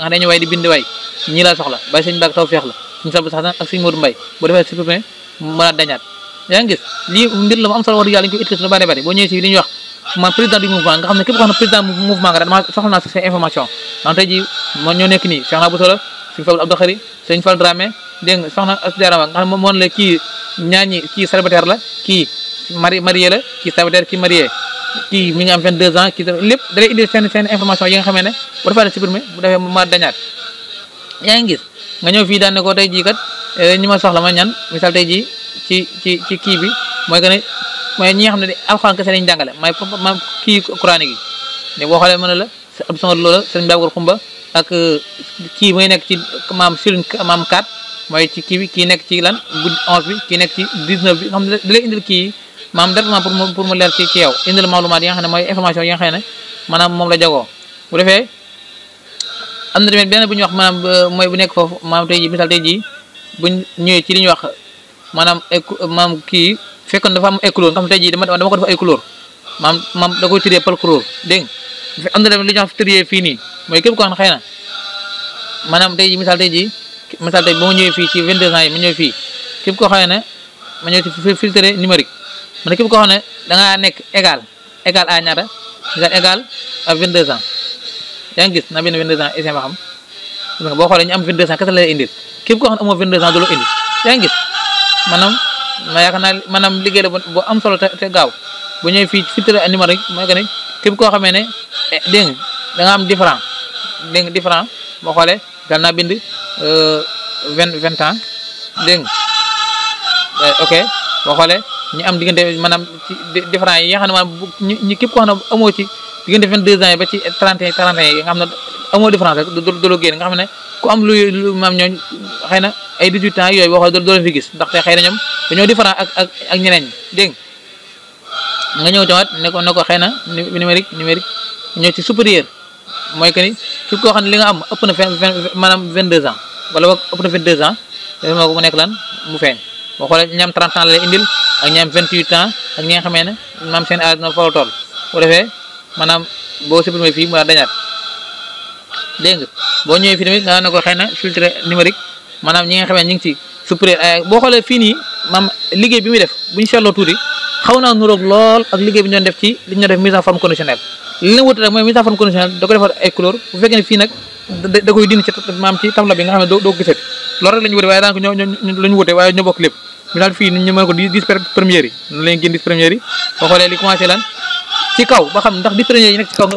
nga dañu way di bind way ñii laa soxla bay sëñ Mbàkke taw feex la suñ a bari bari boo ñëwee si li ñuy wax président du mouvement nga nga dama soxla naa sa information man tey jii moo ñoo nekk nii Cheikh Abou Solo suñ Fabul Abdou Khari sëñ Fall Dramé dégg nga soxna Asdiarama nga kii ñaar kii célibataire la kii mari marié la kii ça veut dire kii mi ngi am 22 ans kii lépp da lay indil seen seen information yi nga xamee ne bu defee la supprimer bu defee ma dañaat yaa ngi gis nga ñëw fii daan ne ko tey jii kat eh, ñi ma soxla ma ñan misal tey jii ci ci ci kii bi mooy que ne mooy ñi nga xam ne alxuraan kese lañu jàngale may ma kii coranique yi ne la Abdou Samad loola sëriñ Babacar Xumba ak eh, kii mooy nekk ci maam Sëriñ maam 4 mooy ci kii bi kii nekk ci lan bu 11 bi kii nekk ci 19 bi nga indil kii maam directement pour mu pour mu leer ci ci yow indil maalumaat yi nga xam ne mooy information yi nga xam ne maanaam moom la jagoo bu defee am na tamit benn bu ñuy wax maanaam euh, mooy bu nekk foofu maanaam tey jii misaal tey jii buñ ñëwee ci li ñuy wax maanaam maam kii fekkoon dafa am ay couleur nga xam tey jii dama dama ko ay couleur maam maam da koy tëree par couleur dégg am na tamit li ñuy wax tëree fii nii mooy képp ko xam xëy na maanaam tey jii misaal tey jii misaal tey ba ma ñëwee fii ci 22 ans yi ma ñëwee fii képp koo xam ne ma ñëwee ci filtre numérique ma ne képp koo xam ne dangaa nekk égal égal à ñaata égal égal à 22 ans yaa ngi gis na benn 22 ans isin ba xam parce boo xoolee ñu am 22 ans kese la indi indil képp koo xam ne ans du la yaa gis maanaam ma yaakaar naa maanaam liggéey la bu am solo te gaaw bu ñëwee fii fii tëral numéro yi mooy que ne képp koo xamee ne eh, dégg nga am différent dégg nga différent boo xoolee dal naa bind euh, vingt vint ans dégg nga eh, ok boo xoolee. ñu am diggante maanaam ci yi nga xam ne maanaam ñu xam ne amoo ci diggante vingt deux ans yi ba ci trente ne amoo différence rek génn nga xam ne ku am lu lu ñooñ xëy na ay dix huit ans yooyu waxoo doo leen fi gis ndaxte xëy na ñoom dañoo différent ak ak ak ñeneen dégg nga ñëw tamit ne ko ne ko xëy na numérique numérique ñoo ci supérieur mooy que ni képp koo xam li nga am ëpp na vingt maanaam vingt deux ans wala boog ëpp na vingt deux ans dafa ma ko mu nekk lan mu feeñ boo xoolee ñi am 30 ans la lay indil ak ñi am 28 ans ak ñi nga xamee ne maam seen âge na foofu tool bu defee maanaam boo supprimé fii mu dañaat dégg nga boo ñëwee fii tamit nga ne ko xëy na maanaam ñi nga xamee ñu ngi ci supprimer boo xoolee fii nii maam liggéey bi muy def bu ñu tuuti xaw naa nuróog lool ak liggéey bi ñu doon def ci li ñu def mise en forme conditionnelle li leen wut rek mooy mise en forme conditionnelle da ko defar ay couleur bu fekkee fii nag da koy dindi ci maam ci tabla bi nga xam ne doo doo gisati loolu rek wute waaye ñoo bokk lépp ñu daal fii ñu euh, na ko dix maanaam dix premières yi nga xam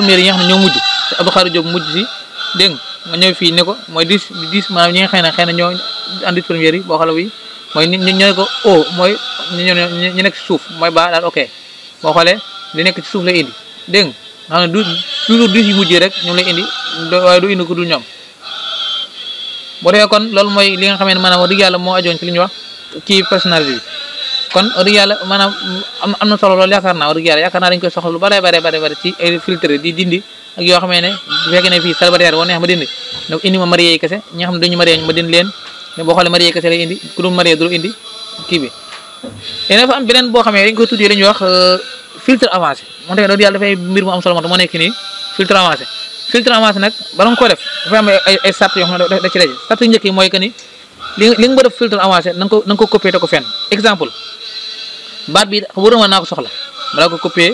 ne ñoo mujj te Abdou Khadre mujj si ma ñëw fii ne ko mooy dix dix maanaam ñi nga na xëy na ñoo andi première yi boo xam bi mooy ñu ñu ne ko o mooy ñu nekk ci suuf mooy ba daal ok boo xoolee li nekk ci suuf lay indi dégg nga xam ne du toujours dix yu mujj rek ñoom la indi waaye du indi ko du ñoom bu dee kon loolu mooy li nga xamee ne maanaam wax dëgg yàlla moo ajoon ci li ñuy wax kii personnalité bi kon wax dëgg yàlla maanaam am na solo loolu yaakaar naa wax dëgg yàlla naa dañ koy soxla lu bare bare bare bare ci dindi ak yoo xamee ne bu fekkee ne fii célibataire woo neex ma dindi donc indi ma marié yi kese ñi nga xam ma dindi leen mais boo xoolee marié kese lay indi ku dul marié dul indi kii bi léegi dafa am beneen boo xamee dañ euh, filtre avancé moo tax loolu yàlla dafay mbir mu ko def dafa am ay ay sart yoo xam ne da ci daje sart yu bi naa ko soxla balaa ko copier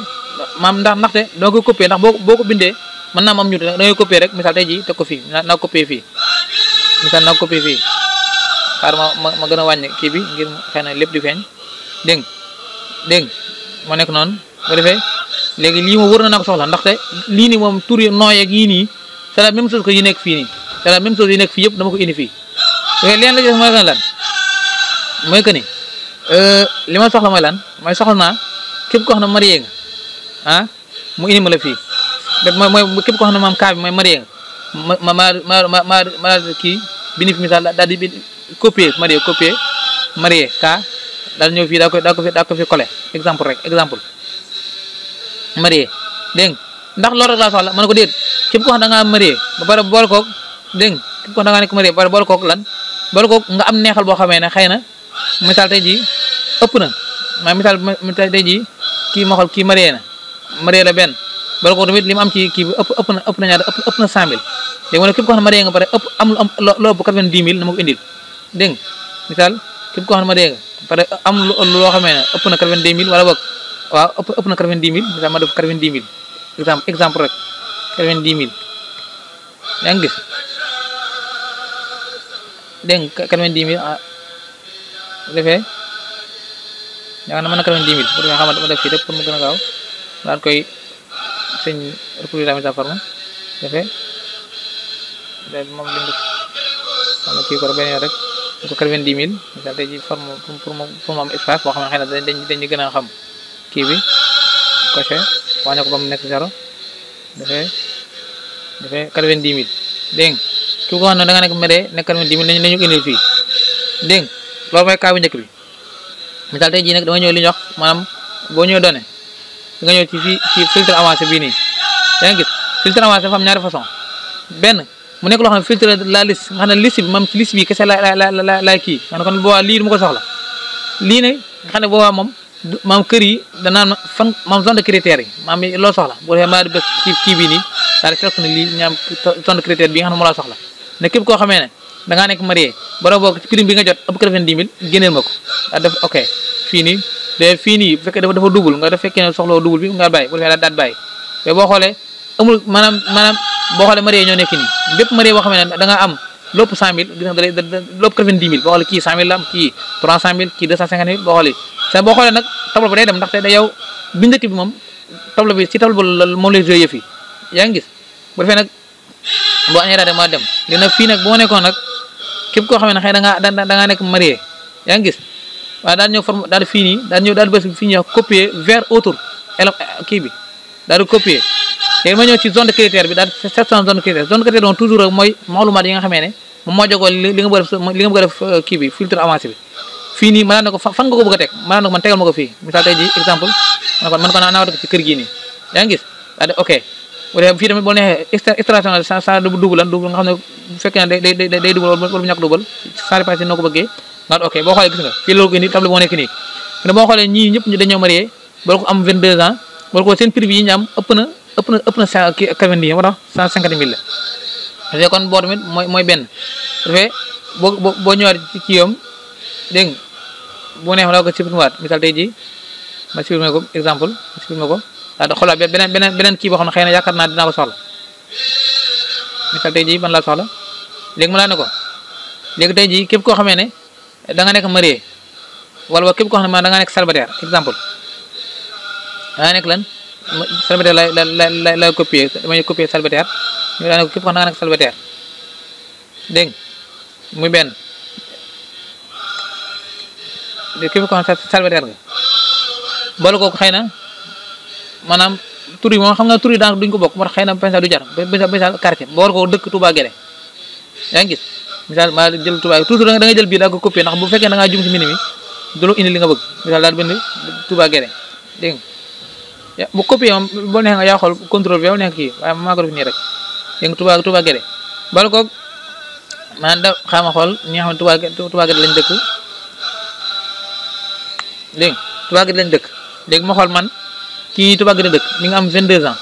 maam ndax ndaxte doo ko copier ndax boo ko bindee mën naa am ñu da ngay copier rek misaal tey jii te ko fii naa kopee fii misaal naa copier fii xaar ma gën a wàññi kii bi ngir xëy na lépp di feeñ dégg dégg moo nekk noonu bu defee léegi lii moom wër na naa ko soxla ndaxte lii ni moom tur yi nooy ak yii nii c'est la même chose yi nekk fii nii c'est la yi nekk fii yëpp dama ko indi fii léegi leen la ci def mooy lan mooy que ni euh, li ma soxla mooy lan mooy soxla naa képp koo xam ne marié nga ah, mu indi ma la fii mooy mooy képp koo xam ne maam kaa bi mooy marié nga ma ma ma ma ma kii bi ni fi misaal daal di bi copier marié copier marié kaa daal ñëw fii daa ko daa ko fi daa ko fi collé exemple rek exemple marié dégg ndax loolu rek laa soxla mën na ko déet képp koo xam da ngaa marié ba pare boole koog dégg képp koo xam da ngaa nekk marié ba pare boole koog lan boole koog nga am neexal boo xamee ne xëy na misaal tey jii ëpp na maanaam misaal tey jii kii ma xool kii marié na marié la benn bala ko tamit li kii bi ëpp ëpp na ëpp na ñaar ëpp na cent mille léegi ma ne képp koo xam am lu loo na ma indil dégg nga misaal képp xam ne ma dee pare am lu ëpp na quatre-vingt-dix mille wala boog waaw ëpp ëpp na quatre-vingt-dix mille ma def quatre-vingt-dix exemple exemple rek quatre-vingt-dix mille yaa gis dégg nga quatre vingt ah defee yaakaar na quatre-vingt-dix mille pour nga xamante ma def fii rek pour mu gën a gaaw koy sëñ Ruqayya Lamin Jaafar moom dafay moom li mu def xam nga kii ko benn yoon rek bu ko 90 mille misaal tey ji forme pour pour mu am boo xam ne xëy na dañ dañu gën a xam kii bi coché wàññi ko ba mu nekk zéro dafay dafay 90 mille ne da nga nekk mere nekk 90 mille nañu indil fi dégg nga loolu mooy cas bu njëkk bi misaal tey ji dama ñëw li ñu boo ñëwee doone nga ñëw ci fii ci filtre avancé bii ñaari façon benn mu nekk loo filtre la liste nga xam ne liste bi maam ci liste bi kese la la kii nga ne kon boobaa lii du ma ko soxla lii ne nga xam ne boobaa moom maam kër yi danaan fan maam zone de critères yi maam loo soxla bu defee maa di bés ci kii bii nii daal di lii ñaam zone de critère nga xam ne moo la soxla ne képp koo xamee ne da ngaa nekk marié bara bokk ci bi nga jot ëpp quatre-vingt-dix génneel ma ko daa de fii bu fekkee dafa dafa nga def fekkee ne soxla double bi nga bàyyi bu defee daal daat bàyyi mais boo xoolee amul maanaam maanaam boo xoolee marié ñoo nekk nii bépp marié boo xamee ne da nga am lépp 100000 gis nga da lay da lépp 90000 boo xoolee kii 100000 la am kii 300000 kii 250000 boo xoolee sa boo xoolee nag tableau ba day dem ndaxte da yow bi njëkk bi moom tableau bi si tableau ba moom lay joué yëf yi yaa ngi bu defee nag boo añee daal ma dem léegi fii nag boo nekkoon nag képp koo xamee ne da ngaa da ngaa nekk marié yaa ngi gis waaye daal ñëw forme daal fii nii daal ñëw daal bés bi fii ñëw copier vers autour daal di copier ma ñëw ci zone de critère bi daal section zone zone de critère moom mooy maalumaat yi nga ne moom moo jogoo li nga bëgg a def li nga bëgg a def euh, kii bi filtre avancé bi fii nii mënaan na ko fan nga ko bëgg a teg mënaan na ko man tegal ma ko fii misaal tey ji exemple man kon ko naa naa ko ci ne bu fekkee ne day day day double wala bu ñàkk double sans répartir noo ko bëggee nga ok boo xoolee gis nga fii loolu ko indi table moo nekk nii mu ne boo xoolee ñii ñëpp ñu dañoo marié bala ko am 22 ans bala la kon boo tamit mooy mooy benn dafee boo boo ñëwaat ci kii yam dégg nga bu neex ma daa ko supprimer waat misaal tey jii ma ko exemple ma ko daa da xoolaat beneen beneen beneen kii boo xam ne xëy na yaakaar naa dinaa ko soxla misaal tey jii ban laa soxla ma laa ne ko léegi tey jii képp koo xamee danga nekk marié wala képp koo xam ne maanaam da nga nekk célibataire exemple da nga nekk lan célibataire lay lay lay copier damay copier célibataire ñu daanaka képp koo xam nekk célibataire dégg muy benn képp koo xam ne nga boole kooku xëy na maanaam tur yi moom xam nga tur yi daanaka duñ ko bokk moo tax xëy na Pensa du jar Pensa Pensa quartier boole kooku dëkk Touba Guélé yaa ngi misaal maa jël Touba toujours da nga jël bii da nga ndax bu fekkee da ngaa jum si mini mi du la indi li nga bëgg misaal daal bind Touba Guédé dégg nga bu copier moom boo neexee nga yaa xool rek dégg nga Touba lañ dëkk dégg nga dëkk léegi ma xool man kii Touba Guédé dëkk mi nga am 22 ans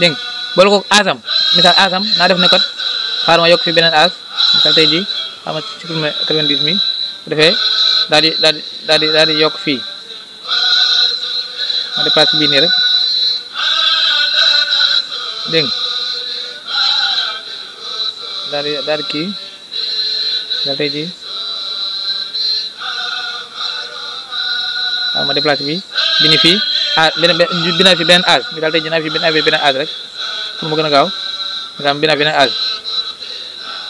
dégg nga bala Asam misaal Asam naa def ne xaar ma yokk fi beneen aas misal tey jii xaar ma supprimer 90 mi bu defee daal di daal di daal di daal yokk fii ma dépasse bii rek dégg daal di daal di kii misal tey jii xaar ma déplace bi bi ñu fii ah beneen binaa fi beneen aas misal tey jii naa fi beneen aas rek pour mu gën a gaaw nga am binaa fi beneen aas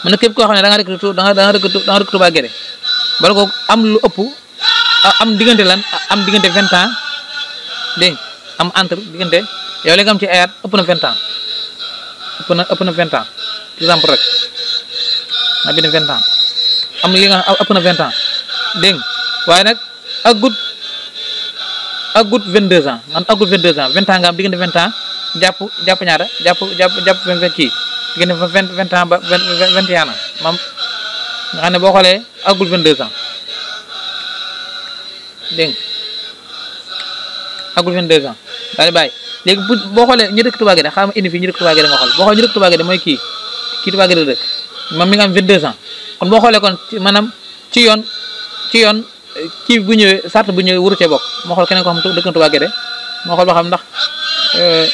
mu ne képp koo xam ne da nga recruté da nga da nga recruté da nga recruté ko am lu ëpp am diggante lan am diggante vingt ans dégg am entre diggante yow léegi am ci ayaat ëpp na vingt ans ëpp na ëpp na vingt ans exemple rek na bi ne vingt ans am li nga ëpp na vingt ans dégg waaye nag agut agut vingt deux ans a agut vingt deux ans vingt ans nga am diggante vingt ans jàpp jàpp ñaata jàpp jàpp jàpp vingt ci diggante fa vingt vingt ans ba vingt vingt et un ans maam xam ne boo xoolee àggul vingt deux ans dégg àggul vingt deux ans daal di léegi bu boo xoolee ñu dëkk Touba Guédé xam indi fii ñu dëkk Touba Guédé nga xool boo xoolee ñu dëkk Touba Guédé mooy kii kii moom mi nga am vingt deux ans kon boo xoolee kon maanaam ci yoon ci yoon kii bu ñëwee sart bu ñëwee wurutee bokk moo xool keneen ko xam dëkk na Touba Guédé moo xool ba xam ndax euh,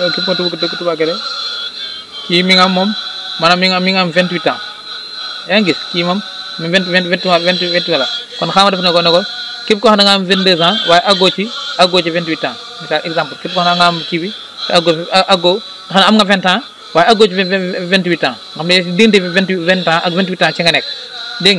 euh, kii moo dëkk Touba Guédé kii mi nga am moom maanaam mi mi nga am vingt huit ans yaa ngi gis kii moom vingt vingt vingt vingt vingt la kon xam def na ko ne ko képp koo xam ne nga am vingt deux ans waaye aggoo ci aggoo ci vingt huit ans misaal exemple képp koo xam kii bi te aggoo aggoo xam ne am nga vingt ans waaye aggoo ci huit ans nga xam ne diggante vingt vingt ans huit ans ci nga nekk dégg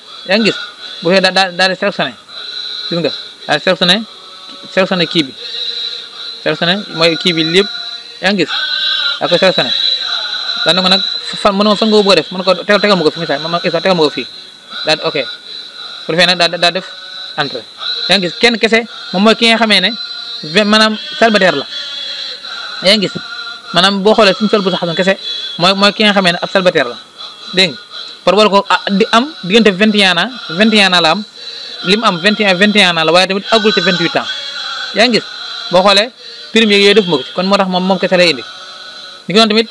yaa ngi gis bu fekkee daa daa di sélectionné gis nga daa di sélectionné sélectionné kii bi sélectionné mooy kii bi lépp yaa ngi gis daa koy sélectionné daa ne nag fan mën ma fan nga ko bëgg a def mën ko tegal ma ko fi misaal ma ma tegal ma ko fii daa ok bu defee nag daa def entrée yaa gis kenn kese moom mooy ki nga xamee ne maanaam célibataire la yaa ngi gis maanaam boo xoolee suñu sol bu sax kese mooy mooy ki nga xamee ne ab célibataire la dégg par wala ah, ko di am diggante vingt et un ans vingt et un la am li mu am vingt et un vingt la waaye tamit aggul ci vingt huit ans yaa ngi boo xoolee prime yooyu def ma kon moo tax moom moom kese lay indi ni ko noonu tamit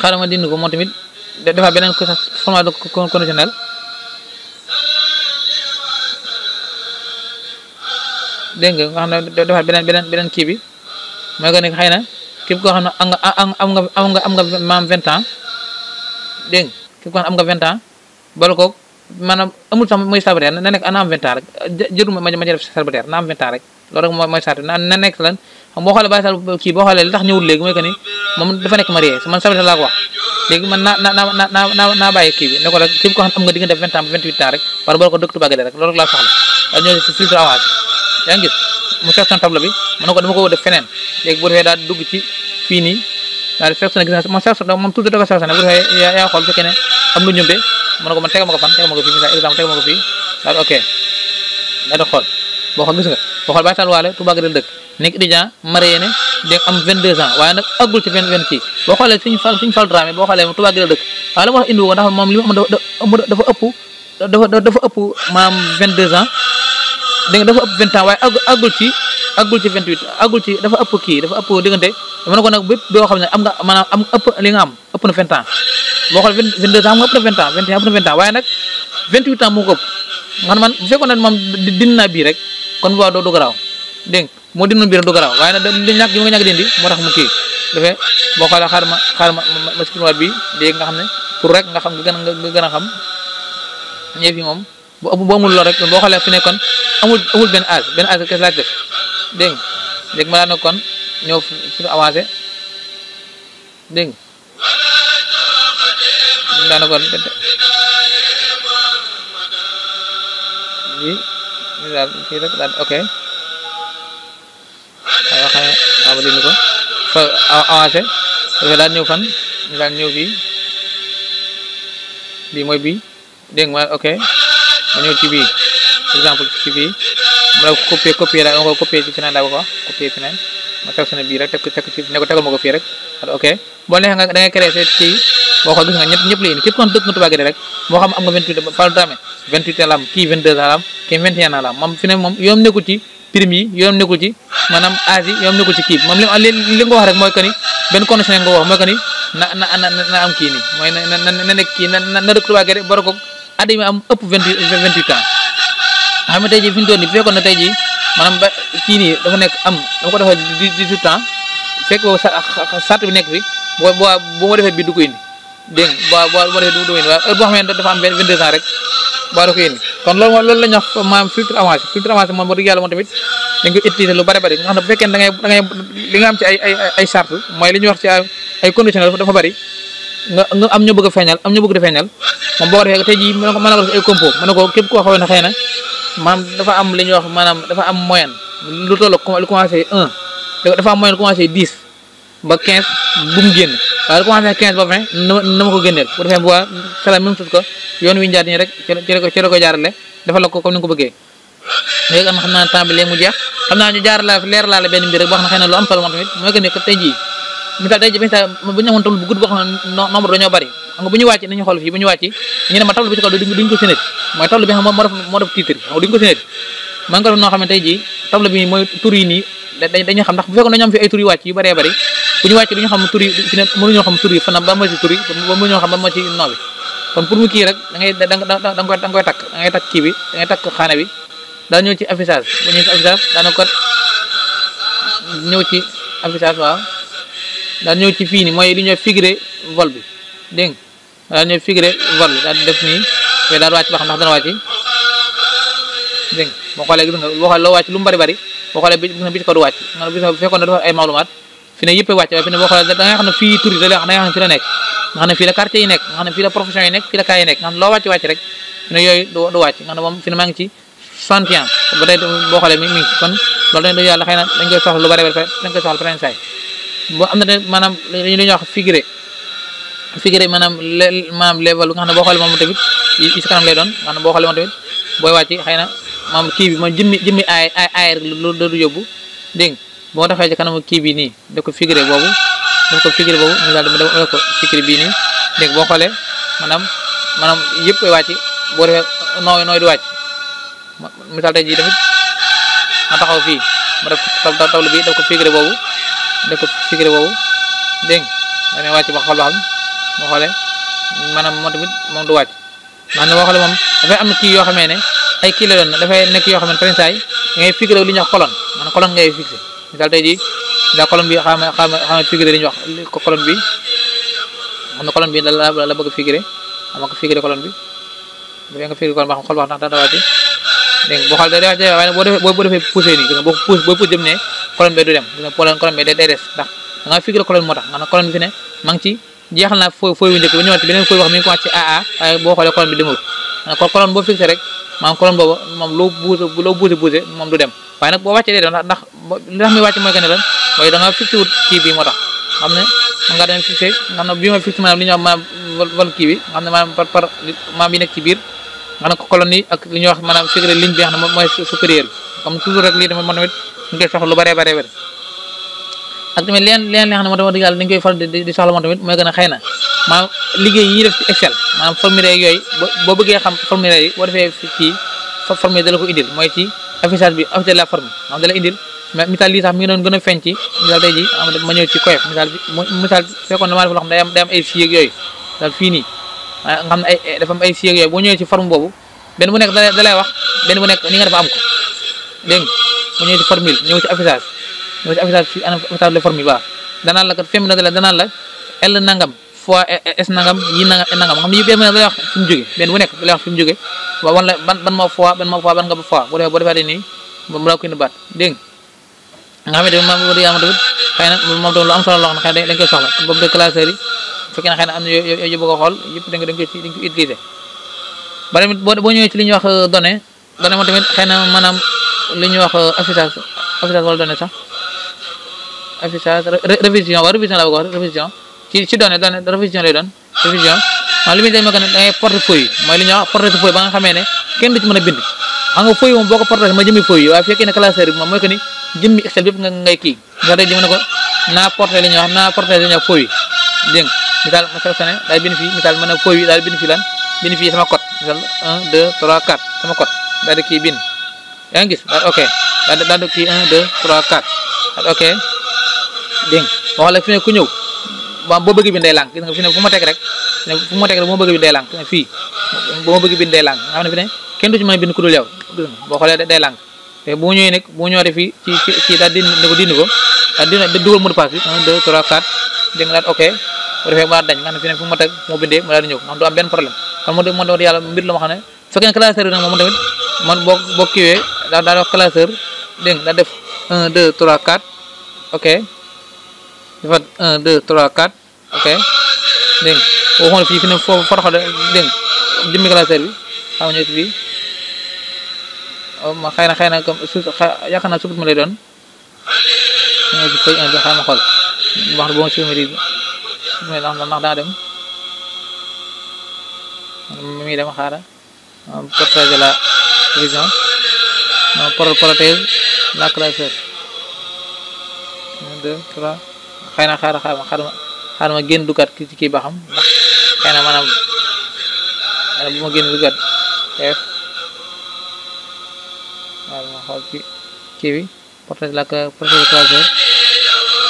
xaaral ma dindi ko moom tamit defaa beneen format conditionnel dégg nga nga xam ne dafa beneen beneen beneen kii bi mooy xëy na képp koo xam ne am nga am nga am nga am nga maam vingt ans dégg fekkoon am nga vingt ans bala ko maanaam amul sax mooy sabataire na nekk ana am vingt rek loolu rek mooy sart na nekk lan xam boo xoolee bàyyi sal loolu rek laa soxla ñoo si mu section table bi mu ne ko dama ko def feneen léegi bu defee daal dugg ci daal di fekk na gis naa man seetlu na moom ko seetlu ne bu defee yaa xool fekkee ne am lu ñumte mën na ko man ma ko fan tegal ma ko fii na exemple xool boo xool gis nga boo xool bàyyi taal waale Touba Gueye dëkk nekk étudiant marié ne dégg am 22 ans waaye nag ci boo xoolee suñu fal suñu boo xoolee Touba dëkk waaye la ma wax indi ko ndax moom li am dafa ëpp dafa dafa ëpp ans dégg nga dafa ëpp vingt ans waaye àgg àggul ci àggul ci vingt huit àggul ci dafa ëpp kii dafa ëpp diggante dama ne ko nag bépp doo xam ne am nga maanaam am ëpp li nga am ëpp na vingt ans boo xool vingt deux ans am na vingt na vingt ans waaye moo ko ëpp man man bu fekkoon ne moom din naa rek kon booba doo du garaaw dégg moo dinoon bii rek du garaaw waaye nag di ñàkk gi dindi moo tax mu kii dafay boo xoolee xaar ma xaar ma ma ma si bi léegi nga xam ne pour rek nga xam nga gën a nga gën a xam ñëf yi moom bu bu amul lool rek boo xoolee fi ne kon amul amul benn âge benn âge kese laaj def dégg nga léegi ma daanaka kon ñëw suñu avancé dégg nga daanaka kon lii ñu daal fii rek daal ok ko fa daal ñëw fan ñu daal ñëw fii bii mooy bii dégg ma ok ma ñëw ci bii par exemple ci bii ma la copier copier daal ma ko copier ci feneen daal ko copier feneen ma sélectionné bii rek teg ko teg ci ne ko tegal ma ko fii rek wala ok boo neexee nga da ngay créé sa kii boo ko gis nga ñëpp ñëpp la indi képp kon dëkk nga Touba Guédé rek moo xam am nga 28 Fallou Dramé 28 ans la am kii 22 ans la am kii 21 ans la am moom fi ne moom yoom nekkul ci prime yi yoom nekkul ci maanaam âge yi yoom nekkul ci kii moom li li nga wax rek mooy que ni benn condition nga wax mooy que ni na na na na am kii nii mooy na na na nekk kii na na dëkk Touba Guédé boro ko at yi am ëpp vingt vingt huit ans nga xam ne tey bu fekkoon ne tey jii maanaam ba kii nii dafa am dama ko defal dix huit ans fekk boobu sart bi nekk fi boo boo boo ma defee bii du ko indi dégg nga da ko indi kon loolu mooy loolu la ñu wax maanaam filtre avancé filtre avancé moo tamit dañ lu bari bari nga da ngay da ngay am ci ay ay mooy li ñuy wax ci ay condition dafa bari nga nga am ñu bëgg a feeñal am ñu bëgg a feeñal moom boo ko defee tey jii mën na ko mën ko def ay compo mën na ko képp dafa am li ñuy wax maanaam dafa am moyenne lu toll lu commencé un dafa am moyenne commencé dix ba quinze bu mu génn waaye lu commencé quinze ba vingt na ma ko génneel bu defee bu baax c'est la même chose que yoon wi ñu jaar nii rek ci la ko ci ko jaarale defal la ko comme ni nga ko bëggee léegi la leer misaal bu ñu amoon bu gudd boo xam nombre dañoo bari xam nga nañu xool fii bu ñu wàcc ne ma tableau bi moo def moo def xam ndax bu fekkoon dañoo am fi ay tur yu wàcc yu xam tur fana ba moo ci tur yi ba mënuñoo xam moo ci noo kon pour mu kii rek da ngay takk da ngay takk xaana bi daa ñëw ci affichage bu ñëw waaw daal ñëw ci fii nii mooy li ñuy figuré vol bi dégg daal def nii mais daal wàcc lu mu bëri bëri boo xoolee bi gis nga a wàcc waaye da nga xam ne fii tur yi da nga xam ne fi la nekk nga xam ne fii la quartier yi nekk nga xam ne fii la profession loo wàcc wàcc rek fi ne yooyu du wàcc nga xam fi ne maa ci soixante boo xoolee mi mi kon loolu dañ yàlla na dañ koy soxla lu bëri bëri dañ koy soxla beneen saay boo am na ne maanaam li ñuy wax figuré figuré maanaam le maanaam level bi nga xam ne boo xoolee moom tamit i si kanam lay doon maanaam boo xoolee moom tamit booy wàcc xay na maam kii bi man jëmmi jëmmi aay aay aay rek la du yóbbu dégg nga boo taxee ci kanam kii bi nii def ko figuré boobu def ko figuré boobu ñu daal def ko figuré bii nii dégg boo xoolee maanaam maanaam yëpp koy wàcc boo defee nooy nooy di wàcc misaal tey jii tamit ma taxaw fii ma def tableau bi def ko figuré boobu def ko sikire boobu dégg nga dañuy wàcc ba xool ba xam boo xoolee maanaam moom tamit moom du wàcc maanaam boo moom dafay am kii yoo xamee ne ay kii la doon dafay nekk yoo xam ne prince ay ngay lu ñuy wax colonne maanaam colonne ngay fixé misaal tey jii daa colonne bi xama xama xama figuré li ñuy wax ko bi xam ne colonne bi la la bëgg figuré ama ko bi dafay nga figuré colonne ba xam xool ba xam ndax daa wàcc dégg nga boo xal da dee waaye nag boo defee boo defee poussé nii gis nga boo pousse boo pousse jëm ne colonne bi du des ndax da mi ngi moom dem waaye boo wàccee day dem ndax li tax muy wàcc mooy que ne lan mooy da nga fixé wut kii bii moo tax xam ne man ngaa dem fixé nga ne bii ma fixé maanaam li ñu ma maanaam bi ne maanaam biir maanaam colonne yi ak li ñuy wax maanaam ligne bi mooy supérieur bi comme toujours rek lii dama mën tamit ñu koy soxla lu bëree bëree bëri ak tamit leen leen li nga xam moo tax di soxla moom tamit mooy gën a xëy na maanaam liggéey yi ñuy def ci Excel maanaam formulaire yooyu boo bëggee xam formulaire yi boo defee ci formulaire ko indil mooy ci affichage bi affichage la forme maanaam dala indil mais misaal lii sax mi a feeñ ci misaal tey ji ma ñëw ci koyof misaal bi misaal fekkoon damaa def loo xam ne fii yooyu fii nii nga xam ay dafa am ay siyeg yooyu boo ñëwee ci forme boobu benn bu nekk da lay wax benn bu nekk ni nga dafa am ko dégg nga ñëwee ci formule ñëw ci affichage ñëw ci affichage fi affichage la formule waaw danaan la kat fem na da la nangam fois S nangam yi nangam nangam xam ne yi benn bu nekk wax fi jóge benn bu nekk da lay wax fi mu jóge waaw wan la ban ban moo fois ban moo fois ban nga bu defee boo defee nii mu la ko indi baat dégg nga xamante ne maam Modou Yama tamit xëy na moom tamit lu am solo loo xam ne xëy na dañ koy soxla boobu de classeur yi su fekkee ne xëy na am na yoo yoo bëgg a xool yëpp dañ ko dañ ko dañ ko utiliser. ba tamit boo boo ñëwee ci li ñuy wax euh, données données moom tamit xëy na maanaam li ñuy wax euh, affichage affichage wala données sax affichage révision waaw révision laa bëgg wax révision ci ci données données révision lay doon révision waaw li muy demee que ne da ngay portefeuille mooy li ñuy wax portefeuille ba nga xamee ne kenn du ci mën a bind xam nga feuille moom boo ko portefeuille ma jëmee feuille waaye fekkee ne classeur bi moom mooy que ni jëmmi Excel bépp nga ngay kii nga tey di mën a ko naa porté la ñuy wax naa porté la ñuy wax fooy dégg nga misaal ma sélectionné daal bind fii misaal mën a fooy daal bind fii lan bind fii sama code misaal 1 2 3 4 sama code daal di kii bind yaa gis ok daal di daal di kii 1 2 ok dégg nga fi ne ku ñëw waaw boo bëgg gis nga ma teg rek fu ma teg rek bu ma bëgg bind fi ne kenn du ci mën a bind ku dul te bu ñëwee nag bu ñëwaatee fii ci ci ci daal dindi ko dindi ko daal dina dugal mot de passe bi 1 2 3 4 dégg nga daal ok bu defee mu daal dañ nga xam ne fi ne fu mu teg moo bindee mu daal di ñëw nga xam du am benn problème kon moo moo yàlla mbir la ma xam ne fekkee ne classeur bi nag moom tamit man boo boo kiiwee daal daal wax classeur dégg nga daal def 1 2 3 4 ok defat 1 2 3 4 ok dégg nga boo xoolee fii fi ne foofu foroxal dégg nga jëmmi classeur bi xam nga ñëw ci fii ma xëy na xëy na ma lay doon ma ji fay indi ma xool ma suuf ma ma ndax ndax dem mi ngi dem xaaral portrait de la vision non protège la créature un deux trois xëy na xaaral xaaral ma xaaral ma xaaral ma génn dugaat ki ci kii ba ma génn dugaat waaw ma xool ci kii bi portrait la portrait croiseur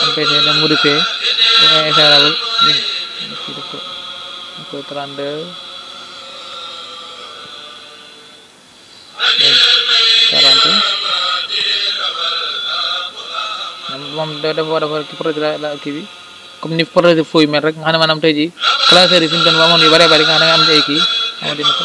empêché na modifié bu ngay insérable ñu ci def ko def ko 32 40 moom dafa defar ci portrait la kii bi comme ni portrait fooy mel rek nga xam ne maanaam tey jii classeur yi fi ñu doon amoon yu bare bari nga xam ne nga am ay kii amoon dina ko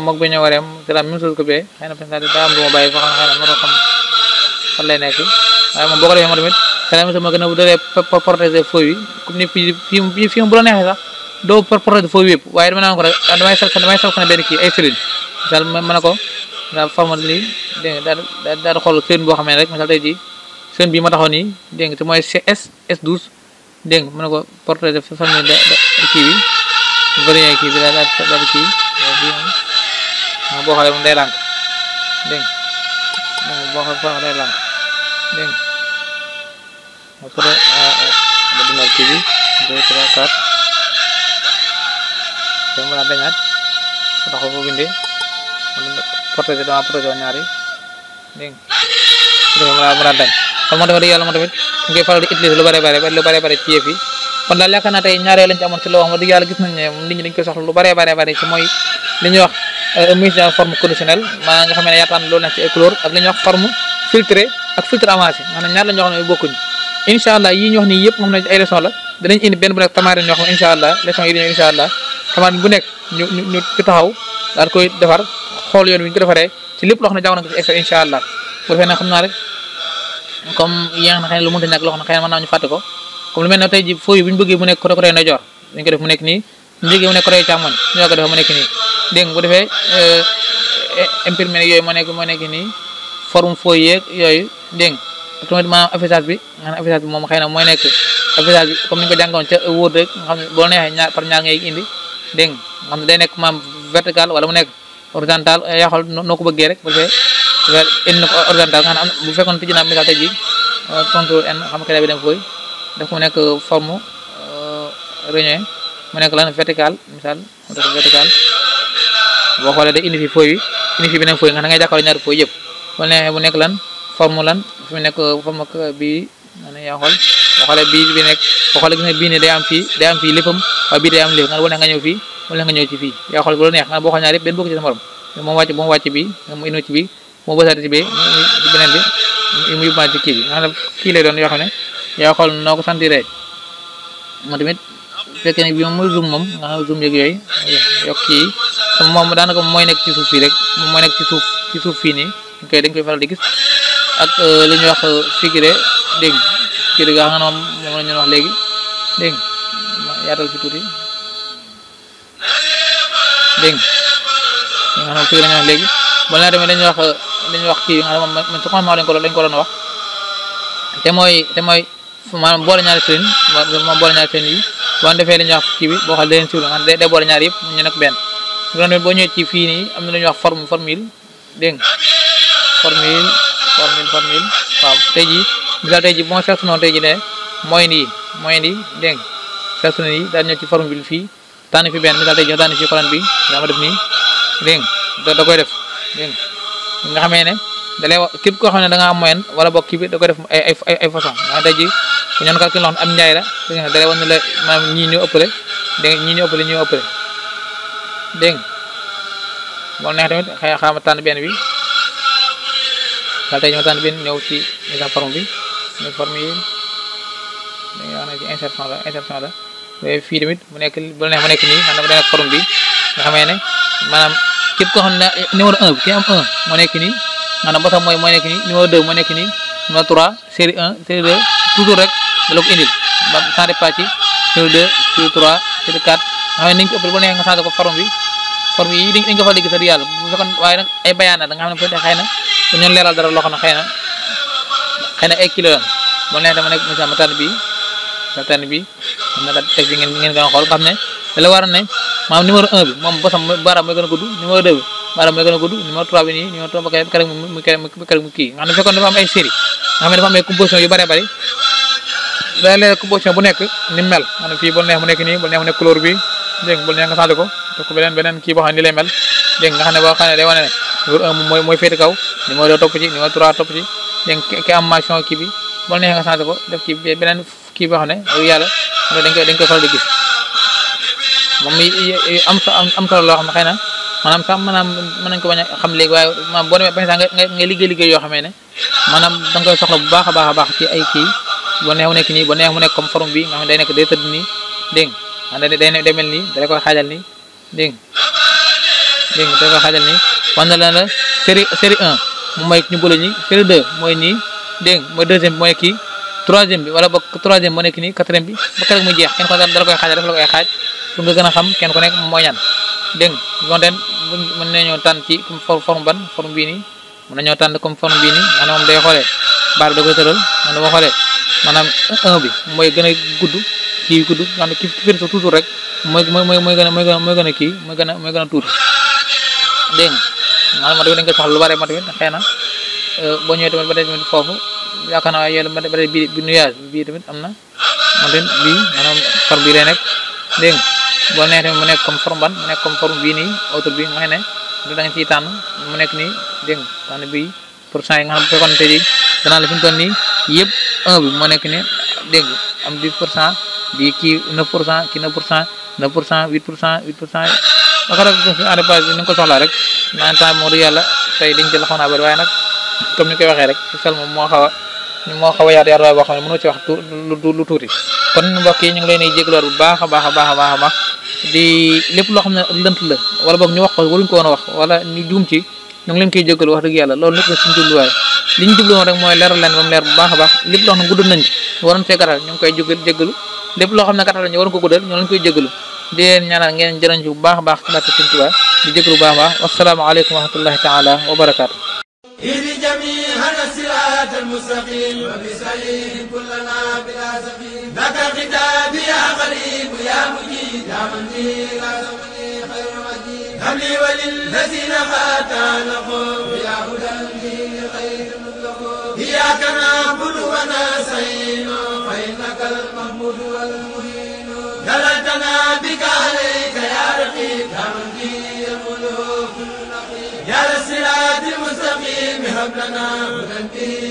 moog bi ñëw wareem c'est la même chose que bee xëy na peut être daa am lu ma bàyyi foo xam xëy na mënoo xam fan lay nekk waaye moom boo ko defee moom tamit c'est la même chose moo gën a bu dalee protéger foofu yi comme ni fii fii fii bu la neexee sax doo protéger foofu yëpp waaye dama naan ko rek ah, damay sal damay sal xane benn kii ay sëriñ daal mën a ko daal forme lii dégg nga daal daal di xool sëriñ boo xam ne rek misal tey jii sëriñ bii ma taxaw nii dégg nga te mooy S S12 dégg nga mën a ko protéger famille kii bi variant kii bi daal daal kii moom boo xoolee moom day lànk dégg nga moom boo xoolee day lànk dégg nga après nga dina kii bi deux trois quatre te mu mën a dañaat ndax boo bindee protégé dama protégé woon ñaari dégg nga mën a dañ kon moom tamit yàlla moom tamit ñu koy faral di utiliser lu bare bare lu bare bare ci yëf yi kon daal yaakaar naa tey ñaaree lañ ci amoon ci loo xam ne dëgg ci mooy li wax euh, mise en forme conditionnelle maanaam nga xam ne yaataan loolu nekk ci ay ak li wax forme filtré ak filtre avancé maanaam ñaar la ñoo la danañ indi benn bu nekk tamarin yoo xam ne incha allah leçon yi di ñëw incha allah tamarin bu nekk lépp loo ne jàng na ko ci excel incha allah bu defee nag xam naa rek lu mënta ñàkk loo xam ne xëy na naa ñu fàtte ko comme lu mel ne tey ji foofu yi bu ñu bëggee mu nekk côté côté ndeyjoor dañ mu nekk nii bu ñu mu nekk côté càmmoñ ko def mu nekk nii dégg nga bu defee euh, imprimé yooyu moo nekk moo nekk nii forme fooy yooyu dégg nga tamit maanaam affichage bi maanaam affichage bi moom xëy na mooy nekk affichage bi comme ni ñu ko jàngoon ca wóor rek nga xam ne boo neexee ñaar par ñaar ngay indi dégg xam ne day nekk maam vertical wala mu nekk horizontal yaa xool noo ko bëggee rek bu defee indi na ko horizontal bu fekkoon tijji naa message tey ji euh, contrôle xam nga bi dem daf mu nekk forme euh, réunion mu nekk lan vertical misaal mu def vertical boo xoolee da indi fi fooy bi indi fi beneen fooy nga xam ne ngay jàkkaarloo ñaari fooy yëpp bu neexee mu lan forme nekk forme bii man yaa xool boo bii bi nekk boo xoolee gis nga bii ne day am fi day am fii léppam waaye bii day am lépp nga bu neex nga ñëw fii bu neex nga ñëw ci yaa xool bu neex nga boo xool ñaar yëpp benn bokk ci sa morom moom wàcc moom wàcc bi mu inu ci bi mu bësaati ci bi beneen bi ci kii bi nga xam ne kii lay doon yoo xam ne yaa xool noo ko sentiree moom tamit fekkee ne bi moom mooy zoom moom nga xam zoom yeeg yooyu yokk yi comme moom mooy nekk ci suuf fii rek moom mooy nekk ci suuf ci suuf fii nii dañ koy dañ koy faral di gis ak euh, li ñuy wax euh, figuré dégg figuré nga xam ne moom moom la ñu wax léegi dégg yaatal fi tuuti dégg nga xam wax léegi bala nga demee dañuy wax euh, dañuy wax kii moom man ko xamal ko doon wax te mooy te mooy. maanaam boole ñaari train moom boole ñaari train yi boo defee li ñuy wax kii bi boo xam leen siw la nga xam day boole ñaari yëpp mu ñu nekk benn loolu boo ñëwee ci fii nii am na lu ñuy wax forme formule dégg nga formule formule formule waaw tey jii misaal tey jii bu ma seetlu tey jii ne mooy nii mooy nii dégg nga seetlu nii daal ñëw ci formule fii tànn fi benn misaal tey jii tànn fi colonne bi nga ma def nii dégg nga da koy def dégg nga xamee ne da lay wax képp koo xam ne danga am moyen wala bokk kii bi da ko def ay ay ay façon ndax tey jii bu ñoon calcul loo xam ne am njaay la da nga xam da lay wax ne la maam ñii ñoo ëppale dégg nga ñii ñoo ëppale ñoo ëppale dégg nga moom neex tamit xëy na xaama tànn benn bi daal tey ma tànn benn ñëw ci mise bi ñu forme yi dañuy la insertion la fii tamit mu nekk bu nekk nii xam na mu nekk forme bi nga xamee ne maanaam képp koo xam ne numéro 1 bi ki am 1 moo nekk nii maanaam bosam mooy mooy nekk ni numéro 2 moo nekk ni numéro 3 série 1 série 2 toujours rek da indil ba sans départ ci série 2 série 3 série 4 nga xam ko ëppal bu neexee ko forme bi forme yi dañ ko fa dégg sax di yàlla bu fekkoon bayaana da nga xam ne peut-être xëy na dañoon dara loo na xëy na ay kilo yoon bu neexee dama nekk ma tànn bi ma tànn bi am na teg bi ngeen ngeen gën a xool nga xam ne da la war a ne maanaam numéro 1 bi moom bosam baaraam mooy gën a gudd numéro 2 maanaam mooy gën a gudd numéro 3 bi nii numéro 3 ba keroog mu mu keroog mu kii nga xam ne fekkoon dafa am ay série nga xam ne dafa am ay composition yu bëree bëri da leen composition bu nekk ni mel maanaam fii bu neex mu nekk nii bu neex mu nekk couleur bi dégg nga bu neex nga changé ko te eh, ko beneen beneen kii boo xam ne ni lay mel dégg nga xam ne boo xam ne day wane ne numéro 1 mooy mooy féete kaw numéro 2 topp ci numéro 3 topp ci dégg nga ki am mention kii bi bu neex nga changé ko oh, def ci beneen kii boo xam ne yàlla dañ koy dañ koy faral di gis moom am am solo loo xam ne xëy na maanaam sax maanaam mën nañ ko bañ a xam léegi waaye maanaam boo demee bañ sax nga nga liggéey ne maanaam da nga koy soxla bu baax a baax a baax ci ay kii bu neex mu nekk nii bu neex mu nekk comme forme bi nga xam ne day nekk day tëdd nii dégg nga day nii da koy xaajal nii dégg dégg da koy xaajal nii wan na la série série 1 mu mooy ñu bële ñi série 2 mooy nii dégg mooy deuxième mooy kii troisième bi wala boog troisième moo nekk nii quatrième bi ba keroog mu jeex kenn ko dala koy xaaj def la koy xaaj pour nga gën a xam kenn ku nekk mooy ñan dégg nga bu mën nañoo tànn ci comme forme ban forme bii nii mën nañoo tànn comme forme bii nii maanaam day xoolee baar bi da koy tëral man dama xoolee bi mooy gën a gudd kii gudd maanaam ki ki toujours rek mooy mooy mooy gën a mooy gën a mooy gën mooy gën a mooy gën a ma dama leen ko soxla lu bare ma tamit xëy na euh, boo ñëwee tamit ba tey tamit foofu yaakaar naa waaye yàlla ba tey bii bi nuage bii tamit am na man tamit bii maanaam forme bii lay nekk dégg nga boo nee tamit mu nekk comme forme ban mu nekk comme forme bii nii autre bi nga xam ne du da nga ciy tànn mu nekk nii dégg nga tànn bii pourcent yi nga xam ne bu fekkoon tey jii danaa la fi mu toll nii yëpp 1 bi moo nekk nii dégg nga am 10 pour cent bii kii 9 pour cent kii 9 pour cent 9 pour cent 8 pour cent 8 pour cent ba ko rek en dépendance bi ni nga ko soxlaa rek naan temps moo du yàlla tey dañ ci loxo naa bëri waaye nag comme ni koy waxee rek xel moom moo xaw a moo xaw a yaatu yaatu waaye boo xam ne mënoo ci wax lu tuuti kon mbokk yi ñu ngi leen di jégluwaat bu baax a baax a baax a baax a baax di lépp loo xam ne lënt la wala boog ñu wax ko waruñ ko woon a wax wala ñu juum ci ñu ngi leen koy jégalu wax dëgg yàlla loolu lépp la suñu jubluwaay li ñu jubluwoon rek mooy leen ba leer bu baax a baax lépp loo xam ne gudd nañ ci waroon fee gàttal ñu loo xam ne gàttal ñu waroon ko guddal ñu leen koy jégalu di leen ñaanal ngeen jëriñ ci bu baax a baax ci barke Sëñ Tuubaa di jégalu bu baax a baax wasalaamaaleykum wa rahmatullahi taala wa إلي جميع الصراط المستقيم وبسعيد كلنا بلا سقيم لك الكتاب يا قريب يا مجيد يا من لي لا تغني خير مجيد هب لي وللذين خاتانهم يا هدى الدين خير مطلقون إياك نعبد ونستعين فإنك المحمود والمهين دللتنا بك عليك يا رقيب يا من لي الملوك النقيب يا للصراط المستقيم هب لنا هدى